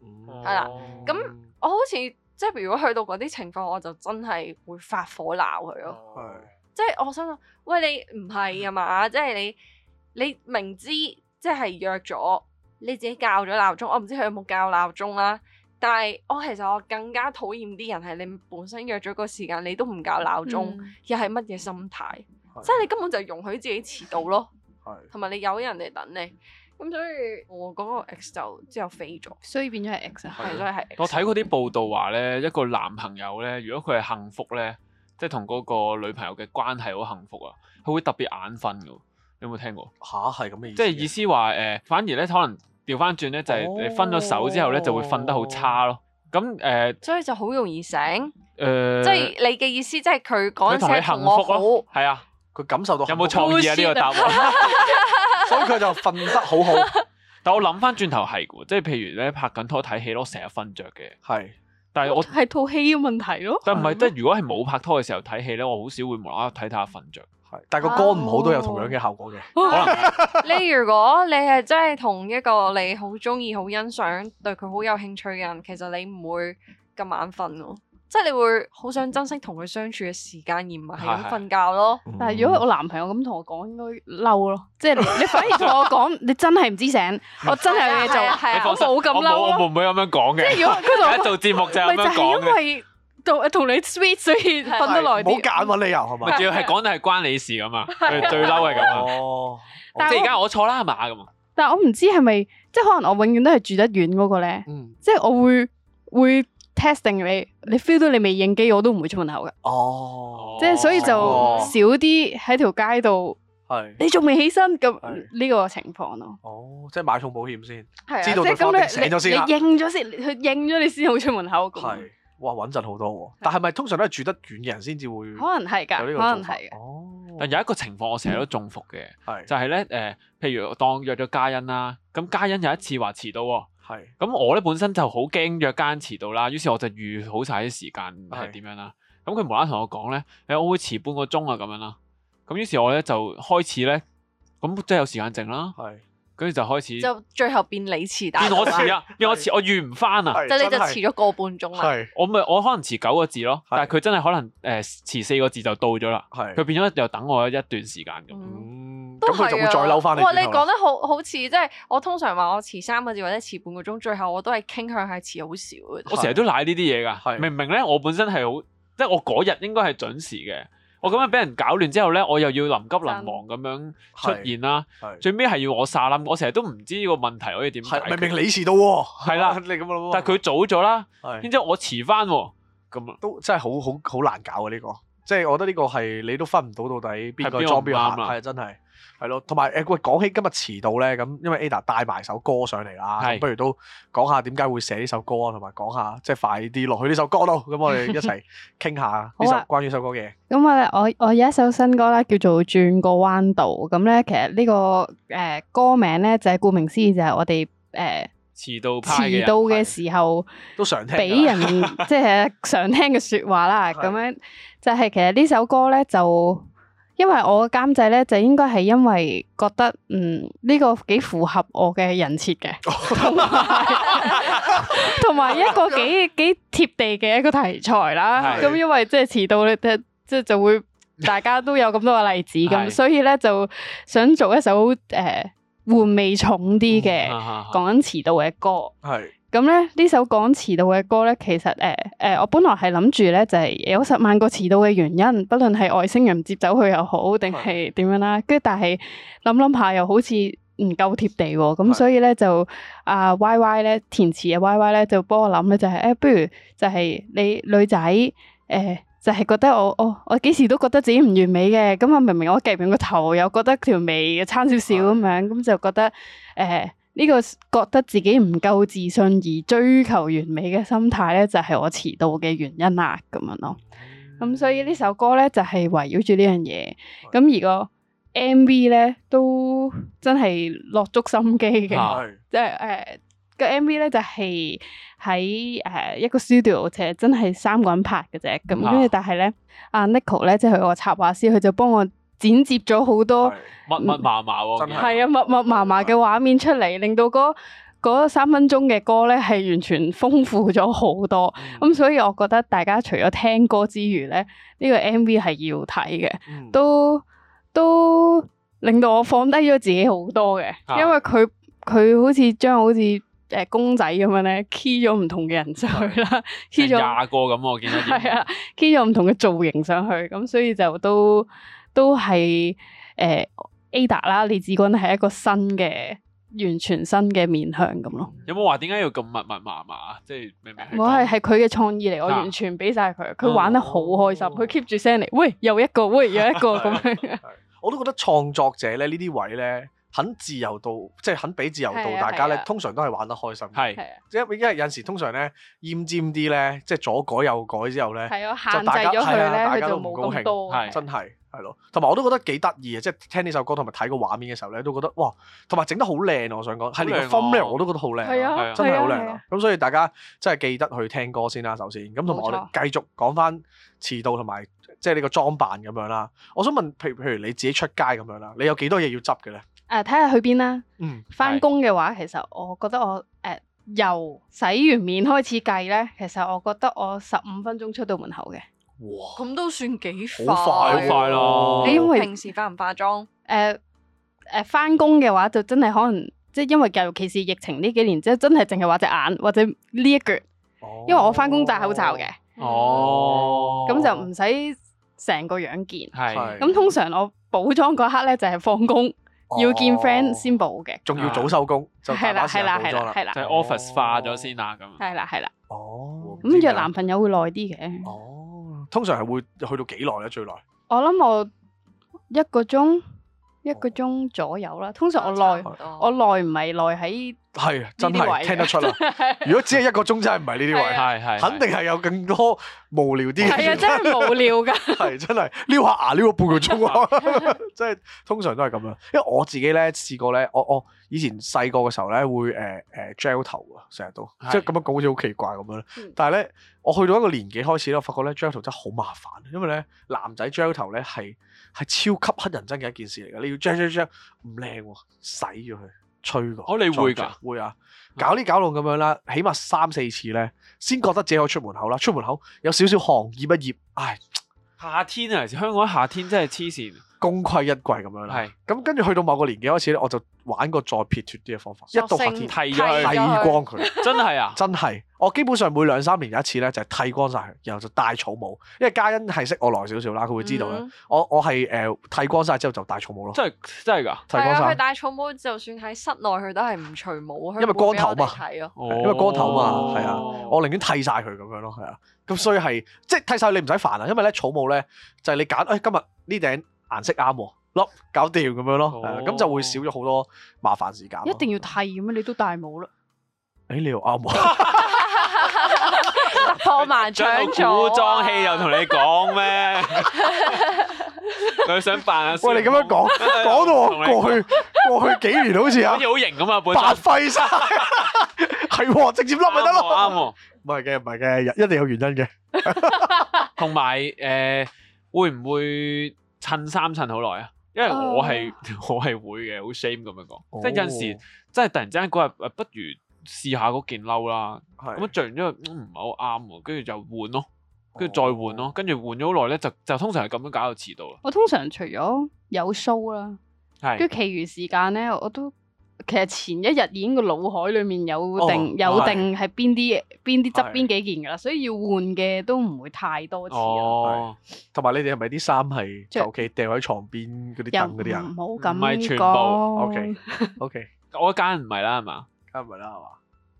係、嗯、啦，咁我好似。即係如果去到嗰啲情況，我就真係會發火鬧佢咯。是即係我想講，喂，你唔係啊嘛？ 即係你你明知即係約咗，你自己校咗鬧鐘。我唔知佢有冇校鬧鐘啦、啊。但係我其實我更加討厭啲人係你本身約咗個時間，你都唔校鬧鐘，嗯、又係乜嘢心態？是即係你根本就容許自己遲到咯，同埋是你有人嚟等你。咁所以，我嗰個 x 就之後飛咗，所以變咗係 x 啊，係咯。我睇過啲報道話咧，一個男朋友咧，如果佢係幸福咧，即係同嗰個女朋友嘅關係好幸福啊，佢會特別眼瞓。你有冇聽過？嚇、啊，係咁嘅意思？即係意思話誒、呃，反而咧可能調翻轉咧，就係、你、分咗手之後咧，就會瞓得好差咯。咁、嗯、誒，所以就好容易醒。誒、呃，即係你嘅意思，即係佢嗰陣時你幸福咯。係啊我，佢感受到有冇創意啊？呢、呢個答案。 佢就瞓得好好， 但我諗翻轉頭係嘅，即係譬如咧拍緊拖睇戲咯，成日瞓着嘅係，是但係我係套戲嘅問題咯。但唔係，即係嗎如果係冇拍拖嘅時候睇戲咧，我好少會無啦啦睇睇下瞓着，係。但係個歌唔好都有同樣嘅效果嘅。啊哦、可能 你如果你係真係同一個你好中意、好欣賞、對佢好有興趣嘅人，其實你唔會咁眼瞓咯。即係你會好想珍惜同佢相處嘅時間，而唔係咁瞓覺咯。但係如果我男朋友咁同我講，應該嬲咯。即係你，反而同我講，你真係唔知醒，我真係有嘢做。我冇咁嬲我咯。唔會咁樣講嘅。即係如果佢就而家做節目就咁樣講，因為同同你 sweet 所以瞓得耐啲。唔好揀揾理由係嘛。咪主要係講到係關你事噶嘛，最嬲係咁啊。哦。即係而家我錯啦嘛咁。但係我唔知係咪，即係可能我永遠都係住得遠嗰個咧。嗯。即係我會會。testing 你，你 feel 到你未應機，我都唔會出門口噶。哦，即係所以就少啲喺條街度。係，你仲未起身咁呢個情況咯。哦，即係買重保險先，知道咁方便，咗先，你應咗先，佢應咗你先好出門口。係，哇，穩陣好多。但係咪通常都係住得遠嘅人先至會？可能係噶，可能係。哦，但有一個情況我成日都中伏嘅，就係咧，誒，譬如當約咗嘉欣啦，咁嘉欣有一次話遲到。係，咁我咧本身就好驚約時間遲到啦，於是我就預好晒啲時間係點樣啦。咁佢是無啦啦同我講咧，誒、欸、我會遲半個鐘啊，咁樣啦。咁於是我咧就開始咧，咁即係有時間剩啦。係。跟住就開始，就最後變你遲，但係我遲啊，因為我遲，我預唔翻啊，就你就遲咗個半鐘啦。係，我咪我可能遲九個字咯，但係佢真係可能誒遲四個字就到咗啦。係，佢變咗又等我一段時間咁。嗯，咁佢就會再嬲翻你。哇，你講得好好似即係我通常話我遲三個字或者遲半個鐘，最後我都係傾向係遲好少嘅。我成日都賴呢啲嘢㗎，明唔明咧？我本身係好，即係我嗰日應該係準時嘅。我咁樣俾人搞亂之後咧，我又要臨急臨忙咁樣出現啦，最尾係要我殺冧。我成日都唔知呢個問題可以點解決，明明你遲到吧喎，係啦，你咁嘅諗法。但係佢早咗啦，然之後是我遲翻喎，咁都真係好好好難搞啊！呢、這個即係我覺得呢個係你都分唔到到底邊個裝邊個啱行，係了真係。係咯，同埋誒，喂，講、哎、起今日遲到咧，咁因為 Ada 帶埋首歌上嚟啦，是的 不如都講下點解會寫呢首歌啊，同埋講下即係快啲落去呢首歌度。咁我哋一齊傾下呢首關於呢首歌嘅。咁啊，我我有一首新歌咧，叫做《轉個彎到》。咁咧，其實呢、這個誒、呃、歌名咧就係、是、顧名思義，就係、是、我哋誒遲到遲到嘅時候都常聽俾人即係、就是、常聽嘅說話啦。咁樣就係、是、其實呢首歌咧就。嗯因為我嘅監製咧，就應該係因為覺得嗯呢、這個幾符合我嘅人設嘅，同埋 一個幾幾貼地嘅一個題材啦。咁是因為即係遲到咧，即、就、係、是、就會大家都有咁多嘅例子咁，是所以咧就想做一首誒，回、呃、味重啲嘅講緊遲到嘅歌。咁咧呢首講遲到嘅歌咧，其實誒誒、呃呃，我本來係諗住咧就係有十萬個遲到嘅原因，不論係外星人接走佢是的 又好，定係點樣啦。跟住但係諗諗下又好似唔夠貼地喎，咁、嗯、是的 所以咧就啊 Y Y 咧填詞嘅 Y Y 咧就幫我諗咧就係、是、誒、呃，不如就係你女仔誒、呃，就係、是、覺得我、哦、我我幾時都覺得自己唔完美嘅，咁啊明明我夾緊個頭又覺得條眉差少少咁樣，咁就覺得誒。呃呃呃呢個覺得自己唔夠自信而追求完美嘅心態咧，就係我遲到嘅原因啦，咁樣咯。咁、mm hmm. 嗯、所以呢首歌咧就係、是、圍繞住呢樣嘢。咁、mm hmm. 而個 MV 咧都真係落足心機嘅，即係誒個 MV 咧就係喺誒一個 studio，其實真係三個人拍嘅啫。咁跟住，hmm. 但係咧阿 Nico 咧即係我插畫師，佢就幫我。剪接咗好多密密麻麻喎，真係啊，密密麻麻嘅畫面出嚟，令到嗰三分鐘嘅歌咧係完全豐富咗好多。咁、嗯嗯、所以我覺得大家除咗聽歌之餘咧，呢、這個 MV 係要睇嘅，嗯、都都令到我放低咗自己好多嘅，因為佢佢好似將好似誒公仔咁樣咧 key 咗唔同嘅人上去啦，key 咗廿個咁我見到係啊，key 咗唔同嘅造型上去，咁所以就都。都係誒 Ada 啦，李芷君係一個新嘅完全新嘅面向咁咯。有冇話點解要咁密密麻麻啊？即係明明？我係係佢嘅創意嚟，我完全俾晒佢。佢玩得好開心，佢 keep 住聲嚟。喂，又一個，喂，又一個咁樣。我都覺得創作者咧呢啲位咧，肯自由度，即係肯俾自由度，大家咧通常都係玩得開心。係，因為因為有時通常咧奄尖啲咧，即係左改右改之後咧，就限制咗佢咧，佢就冇咁多，真係。係咯，同埋我都覺得幾得意啊！即係聽呢首歌同埋睇個畫面嘅時候咧，都覺得哇，同埋整得好靚啊！我想講係呢個 form 咧，我都覺得好靚，係啊，係啊，真係好靚啊！咁所以大家真係記得去聽歌先啦，首先咁同埋我哋繼續講翻遲到同埋即係呢個裝扮咁樣啦。沒錯 我想問，譬如譬如你自己出街咁樣啦，你有幾多嘢要執嘅咧？誒、呃，睇下去邊啦。嗯，翻工嘅話，其實我覺得我誒、呃、由洗完面開始計咧，其實我覺得我十五分鐘出到門口嘅。哇！咁都算幾快，好快咯。你因為平時化唔化妝？誒誒，翻工嘅話就真係可能，即係因為尤其係疫情呢幾年，即係真係淨係畫隻眼或者呢一橛。因為我翻工戴口罩嘅，哦，咁就唔使成個樣見。係咁，通常我補妝嗰刻咧就係放工要見 friend 先補嘅，仲要早收工。係啦，係啦，係啦，係啦，就 office 化咗先啦。咁係啦，係啦。哦，咁約男朋友會耐啲嘅。通常係會去到幾耐咧？最耐我諗我一個鐘一個鐘左右啦。通常我耐我耐唔係耐喺係真係聽得出啊！如果只係一個鐘真係唔係呢啲位，係係肯定係有更多無聊啲。係啊，真係無聊噶，係真係撩下牙撩個半個鐘啊！即係通常都係咁樣，因為我自己咧試過咧，我我。以前細個嘅時候咧，會誒誒 gel 頭啊，成日都是即係咁樣講，好似好奇怪咁樣。但係咧，我去到一個年紀開始咧，我發覺咧 gel 頭真係好麻煩，因為咧男仔 gel 頭咧係係超級乞人憎嘅一件事嚟㗎。你要 gel gel gel 唔靚喎，洗咗佢，吹過。哦，你會㗎？會啊，嗯、搞呢搞弄咁樣啦，起碼三四次咧，先覺得自己可以出門口啦。出門口有少少汗意不熱，熱？唉，夏天啊，香港夏天真係黐線。功虧一簣咁樣啦，係咁跟住去到某個年紀開始咧，我就玩過再撇脱啲嘅方法，一到夏天剃咗剃光佢，真係啊，真係我基本上每兩三年有一次咧，就係剃光晒佢，然後就戴草帽，因為嘉欣係識我耐少少啦，佢會知道咧，我我係誒剃光晒之後就戴草帽咯，即係真係㗎，剃光曬，戴草帽就算喺室內佢都係唔除帽，因為光頭嘛，因為光頭嘛，係啊，我寧願剃晒佢咁樣咯，係啊，咁所以係即係剃晒你唔使煩啊，因為咧草帽咧就係你揀，誒今日呢頂。顏色啱，笠搞掂咁樣咯，咁就會少咗好多麻煩時間。一定要替咩？你都戴帽啦？哎，你又啱，突破萬張咗。古裝戲又同你講咩？佢想扮。喂，你咁樣講，講到我過去過去幾年好似啊，好似好型咁啊，白費晒。係，直接笠咪得咯。啱喎，唔係嘅，唔係嘅，一定有原因嘅。同埋誒，會唔會？襯衫襯好耐啊，因為我係、uh, 我係會嘅，好 shame 咁樣講，oh. 即係有時即係突然之間嗰日誒，不如試下嗰件褸啦，咁着是完之後唔係好啱喎，跟、嗯、住就換咯，跟住再換咯，跟住、oh. 換咗好耐咧，就就通常係咁樣搞到遲到啦。我通常除咗有 show 啦是，跟住其餘時間咧，我都其實前一日已經個腦海裡面有定、oh. 有定係邊啲邊啲執邊幾件噶啦，所以要換嘅都唔會太多次。Oh. Oh. 同埋你哋係咪啲衫係就屋企掉喺床邊嗰啲凳嗰啲人？唔好咁，唔係全部。OK，OK，我間唔係啦，係嘛？間唔係啦，係嘛？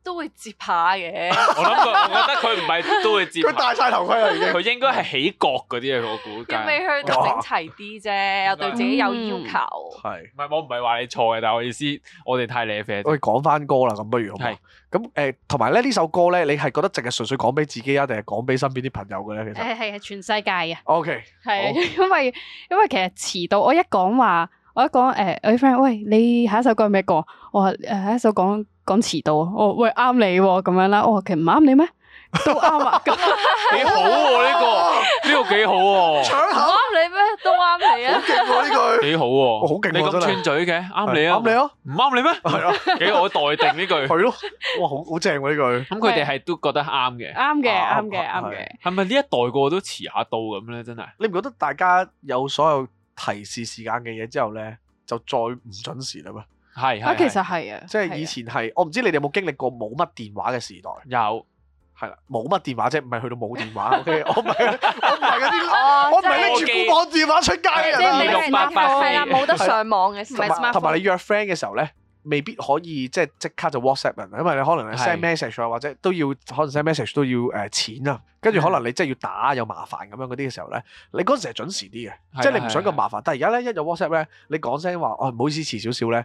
都會接下嘅，我諗，我覺得佢唔係都會接。佢戴曬頭盔啦，已經，佢應該係起角嗰啲嘅，我估計。未去整齊啲啫，又對自己有要求。係，唔係我唔係話你錯嘅，但係我意思，我哋太舐啡。我哋講翻歌啦，咁不如好冇？咁誒，同埋咧呢首歌咧，你係覺得淨係純粹講俾自己啊，定係講俾身邊啲朋友嘅咧？其實係係全世界嘅。OK，係因為因為其實遲到，我一講話，我一講誒，我啲 friend，喂，你下一首歌係咩歌？我誒下一首講。講遲到哦，喂，啱你喎，咁樣啦，我其實唔啱你咩？都啱啊，幾好喎呢個，呢個幾好喎，搶口，啱你咩？都啱你啊，好勁喎呢句，幾好喎，我好勁，你咁串嘴嘅，啱你啊，啱你啊，唔啱你咩？係啊，幾好我待定呢句，係咯，哇，好好正喎呢句，咁佢哋係都覺得啱嘅，啱嘅，啱嘅，啱嘅，係咪呢一代個都遲下到咁咧？真係，你唔覺得大家有所有提示時間嘅嘢之後咧，就再唔準時啦咩？係啊，其實係啊，即係以前係我唔知你哋有冇經歷過冇乜電話嘅時代。有，係啦，冇乜電話啫，唔係去到冇電話。OK，我唔係，我唔係嗰啲，我唔係拎住古網電話出街啊啲咁嘅。係啦，冇得上網嘅，同埋你約 friend 嘅時候咧，未必可以即係即刻就 WhatsApp 人，因為你可能 send message 啊，或者都要，可能 send message 都要誒錢啊。跟住可能你真係要打又麻煩咁樣嗰啲嘅時候咧，你嗰陣時係準時啲嘅，即係你唔想咁麻煩。但係而家咧一有 WhatsApp 咧，你講聲話哦，唔好意思遲少少咧。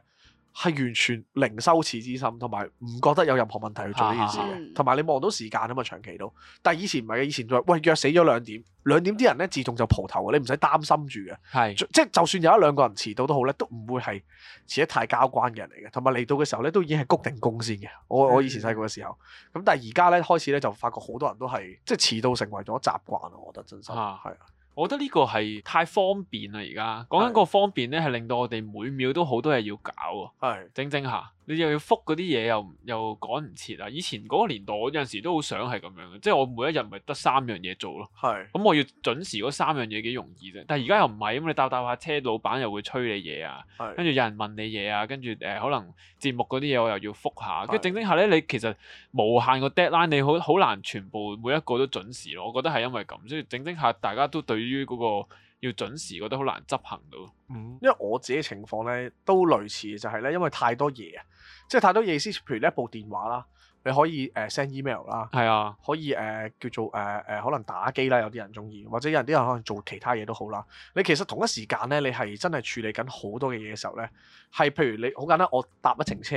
係完全零羞恥之心，同埋唔覺得有任何問題去做呢件事嘅。同埋、啊嗯、你望到時間啊嘛，長期都。但係以前唔係嘅，以前就喂約死咗兩點，兩點啲人咧自動就蒲頭嘅，你唔使擔心住嘅。係是，即係就，就算有一兩個人遲到都好咧，都唔會係遲得太交關嘅人嚟嘅。同埋嚟到嘅時候咧，都已經係谷定功先嘅。嗯、我我以前細個嘅時候，咁是、嗯、但係而家咧開始咧就發覺好多人都係即係遲到成為咗習慣咯。我覺得真心係啊。我覺得呢個係太方便啦！而家講緊個方便呢，係令到我哋每秒都好多嘢要搞啊！係的整整下。你又要覆嗰啲嘢又又趕唔切啊！以前嗰個年代，我有陣時都好想係咁樣嘅，即係我每一日咪得三樣嘢做咯。係是，咁我要準時嗰三樣嘢幾容易啫。但係而家又唔係咁，因為你搭搭下車，老闆又會催你嘢啊。是跟住有人問你嘢啊，跟住誒、呃、可能節目嗰啲嘢我又要覆下，跟住是整整下咧，你其實無限個 deadline，你好好難全部每一個都準時咯。我覺得係因為咁，所以整整下大家都對於嗰個要準時覺得好難執行到。嗯、因為我自己嘅情況咧都類似，就係咧因為太多嘢啊。即係太多意思，譬如呢一部電話啦，你可以誒 send、呃、email 啦，係啊，可以誒、呃、叫做誒誒、呃呃、可能打機啦，有啲人中意，或者有啲人可能做其他嘢都好啦。你其實同一時間咧，你係真係處理緊好多嘅嘢嘅時候咧，係譬如你好簡單，我搭一程車，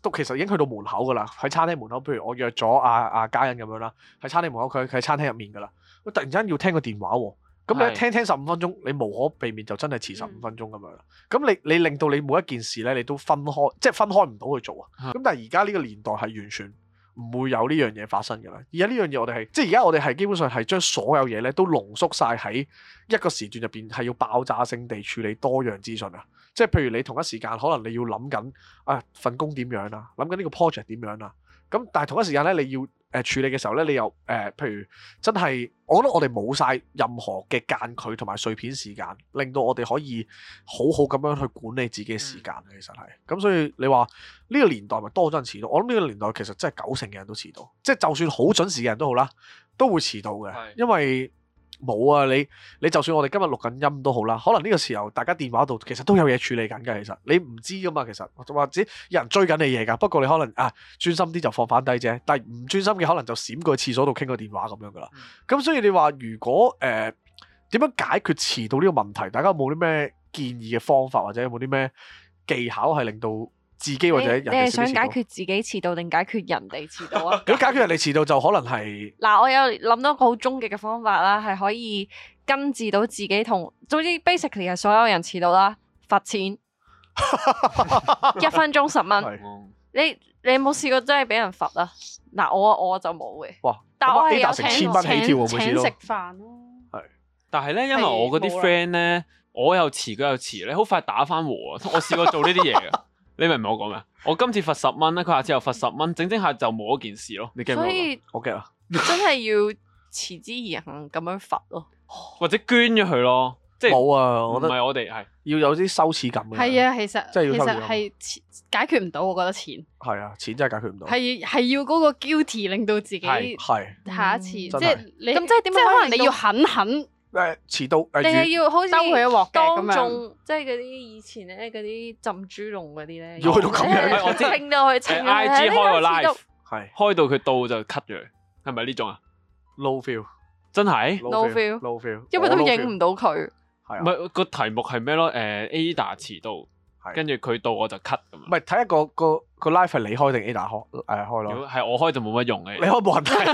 都其實已經去到門口㗎喇，喺餐廳門口。譬如我約咗阿阿家人咁樣啦，喺餐廳門口，佢喺餐廳入面㗎喇，我突然之間要聽個電話喎、哦。咁你聽聽十五分鐘，你無可避免就真係遲十五分鐘咁樣。咁、嗯、你你令到你每一件事咧，你都分開，即係分開唔到去做啊。咁、嗯、但係而家呢個年代係完全唔會有呢樣嘢發生嘅啦。而家呢樣嘢我哋係，即係而家我哋係基本上係將所有嘢咧都濃縮晒喺一個時段入邊，係要爆炸性地處理多樣資訊啊。即係譬如你同一時間可能你要諗緊啊份工點樣啊，諗緊呢個 project 點樣啊。咁但係同一時間咧你要。誒、呃、處理嘅時候呢，你又誒、呃，譬如真係，我覺得我哋冇晒任何嘅間距同埋碎片時間，令到我哋可以好好咁樣去管理自己嘅時間。嗯、其實係咁，所以你話呢、呢個年代咪多咗人遲到？我諗呢個年代其實真係九成嘅人都遲到，即、就、係、是、就算好準時嘅人都好啦，都會遲到嘅，是的 因為。冇啊！你你就算我哋今日錄緊音都好啦，可能呢個時候大家電話度其實都有嘢處理緊㗎，其實你唔知噶嘛，其實或者有人追緊你嘢噶，不過你可能啊專心啲就放翻低啫，但係唔專心嘅可能就閃過去廁所度傾個電話咁樣噶啦。咁、嗯、所以你話如果誒點、呃、樣解決遲到呢個問題，大家有冇啲咩建議嘅方法，或者有冇啲咩技巧係令到自己或者人，你係想解決自己遲到定解， 解決人哋遲到啊？如果解決人哋遲到，就可能係嗱，我有諗到一個好終極嘅方法啦，係可以根治到自己同，總之 basically 係所有人遲到啦，罰錢 一分鐘十蚊 是。你你有冇試過真係俾人罰啊？嗱，我我就冇嘅。哇！但係我有請成千蚊起跳請食飯咯，啊。係，但係咧，因為我嗰啲 friend 咧， 我又遲佢又遲咧，好快打返和我試過做呢啲嘢㗎。 你明唔明我講咩？我今次罰十蚊咧，佢下次又罰十蚊，整整下就冇一件事咯。你驚唔驚？OK 啦，真係要持之以恆咁樣罰咯， 或者捐咗佢咯，即係冇啊！我唔係，我哋係要有啲羞恥感。係啊，其實即係其實係解決唔到，我覺得錢係啊，錢真係解決唔到。係係要嗰個 guilty 令到自己係下一次、嗯、即係你咁即係點？即係可能你要狠狠。遲到定係要好似收佢一鑊，當眾即係嗰啲以前咧，嗰啲浸豬籠嗰啲咧，要去到咁樣，清到佢清。I G 開個 live，係開到佢到就 cut 咗，係咪呢種啊？No feel，真係 no feel，no feel，因為都影唔到佢。係咪個題目係咩咯？誒，Ada 遲到，跟住佢到我就 cut 咁。唔係睇一個個個 live 係你開定 Ada 開，係開咯。如果係我開就冇乜用嘅，你開冇問題。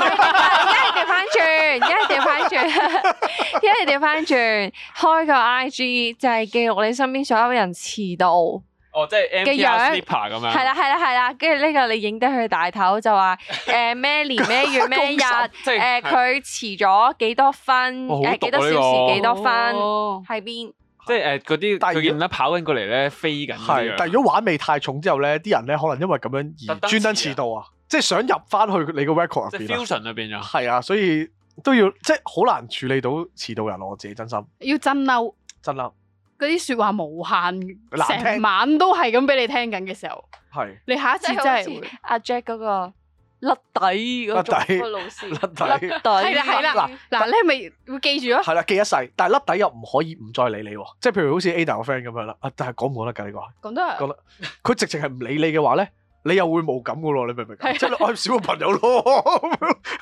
轉，而家調翻轉，而家調翻轉，開個 I G 就係記錄你身邊所有人遲到。哦，即係 M P 咁樣。係啦，係啦，係啦，跟住呢個你影低佢大頭就話，誒、呃、咩年咩月咩日，誒佢遲咗幾多分，誒幾、哦啊、多小時幾多分，喺邊、哦。即係誒嗰啲突然間跑緊過嚟咧，飛緊。係，但係如果玩味太重之後咧，啲人咧可能因為咁樣而專登遲到啊。即係想入翻去你個 record 入邊啊！係啊，所以都要即係好難處理到遲到人咯，我自己真心。要真嬲，真嬲！嗰啲說話無限，成晚都係咁俾你聽緊嘅時候，係你下一次真係阿 Jack 嗰個甩底嗰個老師，甩底係啦係啦嗱嗱，你係咪會記住咯，係啦記一世。但係甩底又唔可以唔再理你喎，即係譬如好似 Ada 個 friend 咁樣啦，啊但係講唔講得噶呢個？講得，講得。佢直情係唔理你嘅話咧。你又會冇感嘅咯，你明唔明？即係愛少個朋友咯，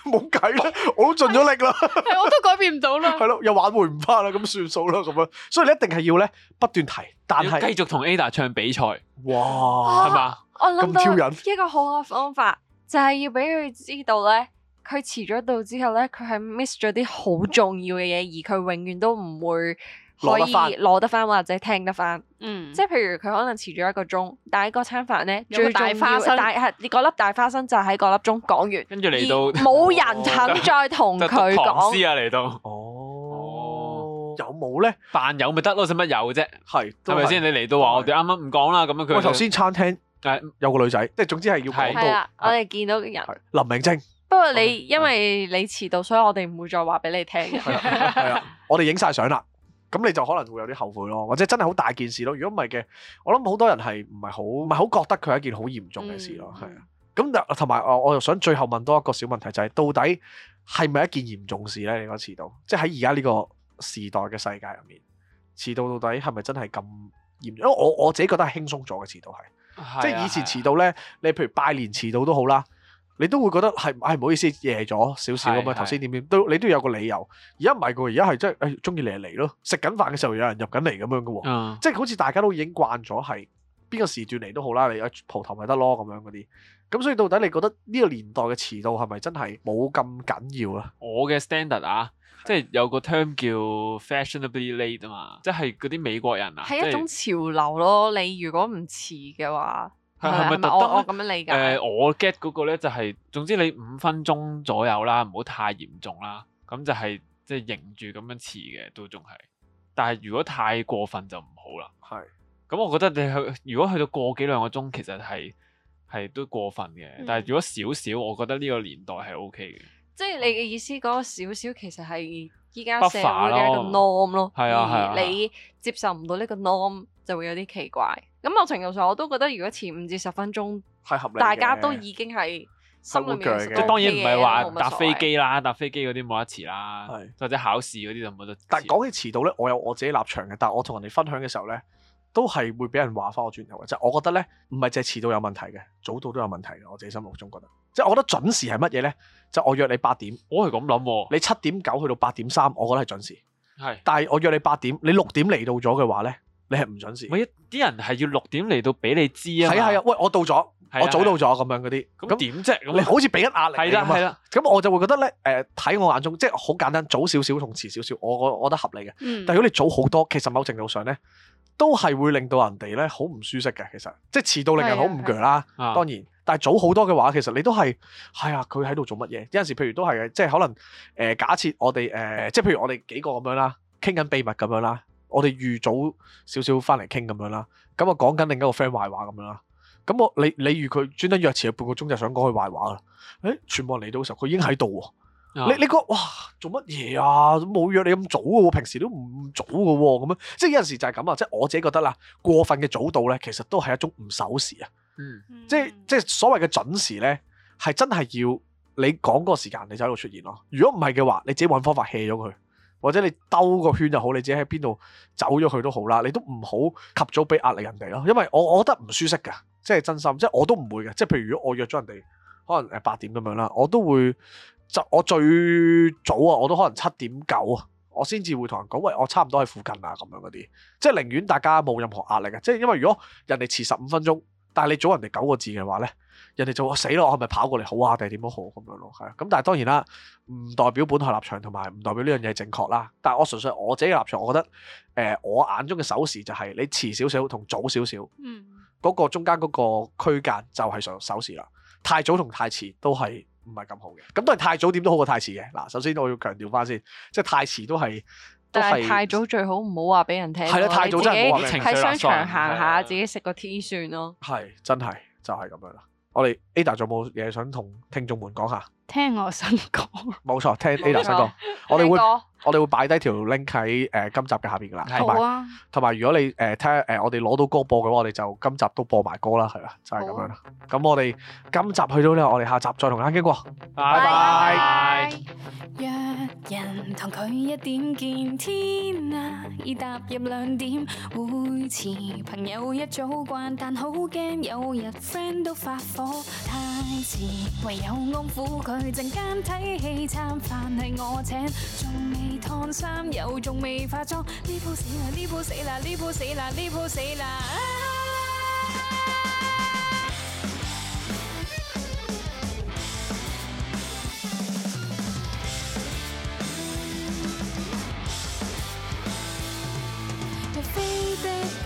冇計啦，我都盡咗力啦， 我都改變唔到啦。係咯， 又挽回唔翻啦，咁算數啦，咁樣。所以你一定係要咧，不斷提，但係繼續同 Ada 唱比賽。哇，係嘛吧？我諗，咁挑人一個好嘅方法就係、係、要俾佢知道咧，佢遲咗到之後咧，佢係 miss 咗啲好重要嘅嘢，而佢永遠都唔會可以攞得翻或者聽得翻，嗯，即係譬如佢可能遲咗一個鐘，但係嗰餐飯咧最大花生，但係你嗰粒大花生就喺嗰粒鐘講完，跟住嚟到冇人肯再同佢講。詩啊嚟到，哦，有冇咧？扮有咪得咯，使乜有嘅啫？係係咪先？你嚟到話我哋啱啱唔講啦，咁樣佢頭先餐廳誒有個女仔，即係總之係要講到。我哋見到嘅人林明晶。不過你因為你遲到，所以我哋唔會再話俾你聽。係啊，我哋影晒相啦。咁你就可能會有啲後悔咯，或者真係好大件事咯。如果唔係嘅，我諗好多人係唔係好唔係好覺得佢係一件好嚴重嘅事咯。係啊、嗯，咁同埋我我又想最後問多一個小問題、就係，就係到底係咪一件嚴重事呢？你講遲到，即係喺而家呢個時代嘅世界入面，遲到到底係咪真係咁嚴重？因為我我自己覺得係輕鬆咗嘅，遲到係，是的 即係以前遲到呢，你的譬如拜年遲到都好啦。你都會覺得係，唉唔好意思，夜咗少少啊嘛。頭先點點都你都有個理由。而家唔係喎，而家係真係，誒中意嚟就嚟咯。食緊飯嘅時候有人入緊嚟咁樣嘅喎，嗯、即係好似大家都已經慣咗係邊個時段嚟都好啦，你蒲頭咪得咯咁樣嗰啲。咁所以到底你覺得呢個年代嘅遲到係咪真係冇咁緊要咧？我嘅 standard 啊，即係有個 term 叫 fashionably late 啊嘛，即係嗰啲美國人啊，係一種潮流咯。你、就係、如果唔遲嘅話，係咪、呃、得我咁樣，我 get 嗰個咧就係、是、總之你五分鐘左右啦，唔好太嚴重啦，咁就係即係凝住咁樣遲嘅都仲係，但係如果太過分就唔好啦。係是，咁、嗯、我覺得你去如果去到過幾兩個鐘，其實係係都過分嘅。但係如果少少，我覺得呢個年代係 OK 嘅。嗯、即係你嘅意思嗰少少，那個、少少其實係依家 set 嘅 norm 咯。係啊係啊，你接受唔到呢個 norm、啊。就會有啲奇怪，咁某程度上我都覺得，如果遲五至十分鐘係合理嘅，大家都已經係心裏面。當然唔係話搭飛機啦，搭飛機嗰啲冇得遲啦，是或者考試嗰啲就冇得。但係講起遲到呢，我有我自己立場嘅。但係我同人哋分享嘅時候呢，都係會俾人話翻我轉頭嘅。就是、我覺得呢，唔係淨係遲到有問題嘅，早到都有問題嘅。我自己心目中覺得，即、就、係、是、我覺得準時係乜嘢呢？就我約你八點，我係咁諗，是你七點九去到八點三，我覺得係準時。係是，但係我約你八點，你六點嚟到咗嘅話呢。你係唔準時？喂，啲人係要六點嚟到俾你知啊！係啊係啊，喂，我到咗，我早到咗咁樣嗰啲，咁點啫？你好似俾一壓力嘅嘛？係啦係啦，咁我就會覺得咧，誒、呃、睇我眼中即係好簡單，早少少同遲少少，我我覺得合理嘅。嗯。但係如果你早好多，其實某程度上咧，都係會令到人哋咧好唔舒適嘅。其實,其實即係遲到令人好唔鋸啦，當然。但係早好多嘅話，其實你都係係啊，佢喺度做乜嘢？有陣時譬如都係即係可能誒假設我哋誒即係譬如我哋、呃呃、幾個咁樣啦，傾緊秘密咁樣啦。我哋預早少少翻嚟傾咁樣啦，咁啊講緊另一個 friend 壞話咁樣啦，咁我你你預佢專登約遲咗半個鐘就想講佢壞話啦，誒、欸，全部人嚟到嘅時候佢已經喺度喎，你你覺得哇做乜嘢啊？冇約你咁早嘅喎，平時都唔早嘅喎，咁樣即係有陣時就係咁啊！即係我自己覺得啦，過分嘅早到咧，其實都係一種唔守時啊、嗯，即係即係所謂嘅準時咧，係真係要你講個時間，你就喺度出現咯。如果唔係嘅話，你自己揾方法 hea 咗佢。或者你兜個圈就好，你自己喺邊度走咗去都好啦，你都唔好及早俾壓力人哋咯，因為我我覺得唔舒適噶，即係真心，即係我都唔會嘅，即係譬如如果我約咗人哋，可能誒八點咁樣啦，我都會就我最早啊，我都可能七點九啊，我先至會同人講，喂，我差唔多喺附近啊，咁樣嗰啲，即係寧願大家冇任何壓力嘅，即係因為如果人哋遲十五分鐘，但係你早人哋九個字嘅話呢，人哋就話死咯，我係咪跑過嚟好啊？定點樣好咁樣咯？係啊，咁但係當然啦，唔代表本台立場同埋唔代表呢樣嘢正確啦。但係我純粹我自己嘅立場，我覺得誒、呃，我眼中嘅守時就係你遲少少同早少少，嗰、嗯、個中間嗰個區間就係上守時啦。太早同太遲都係唔係咁好嘅。咁都係太早點都好過太遲嘅。嗱，首先我要強調翻先，即係太遲都係。但係太早最好唔好話俾人聽的。係啦、啊，太早真係冇話俾人聽啦，自己喺商場行下，自己食個 T 算咯、啊。係真係就係咁樣啦。我哋 Ada 仲有冇嘢想同聽眾們講下？聽我新歌，冇錯，聽 Ada 新歌，我哋會我哋會擺低條 link 喺誒今集嘅下邊噶啦，好啊，同埋如果你誒、呃、聽誒、呃、我哋攞到歌播嘅話，我哋就今集都播埋歌啦，係啦，就係、是、咁樣啦。咁我哋今集去到呢，我哋下集再同你經過，拜拜。拜拜，拜拜。約人同佢一點見，天呀已踏入兩點，朋友一早慣，但好驚有日 friend 都發火。太遲唯有去陣間睇戲，餐飯係我請，仲未燙衫，又仲未化妝，呢鋪死啦，呢鋪死啦，呢鋪死啦，呢鋪死啦。啊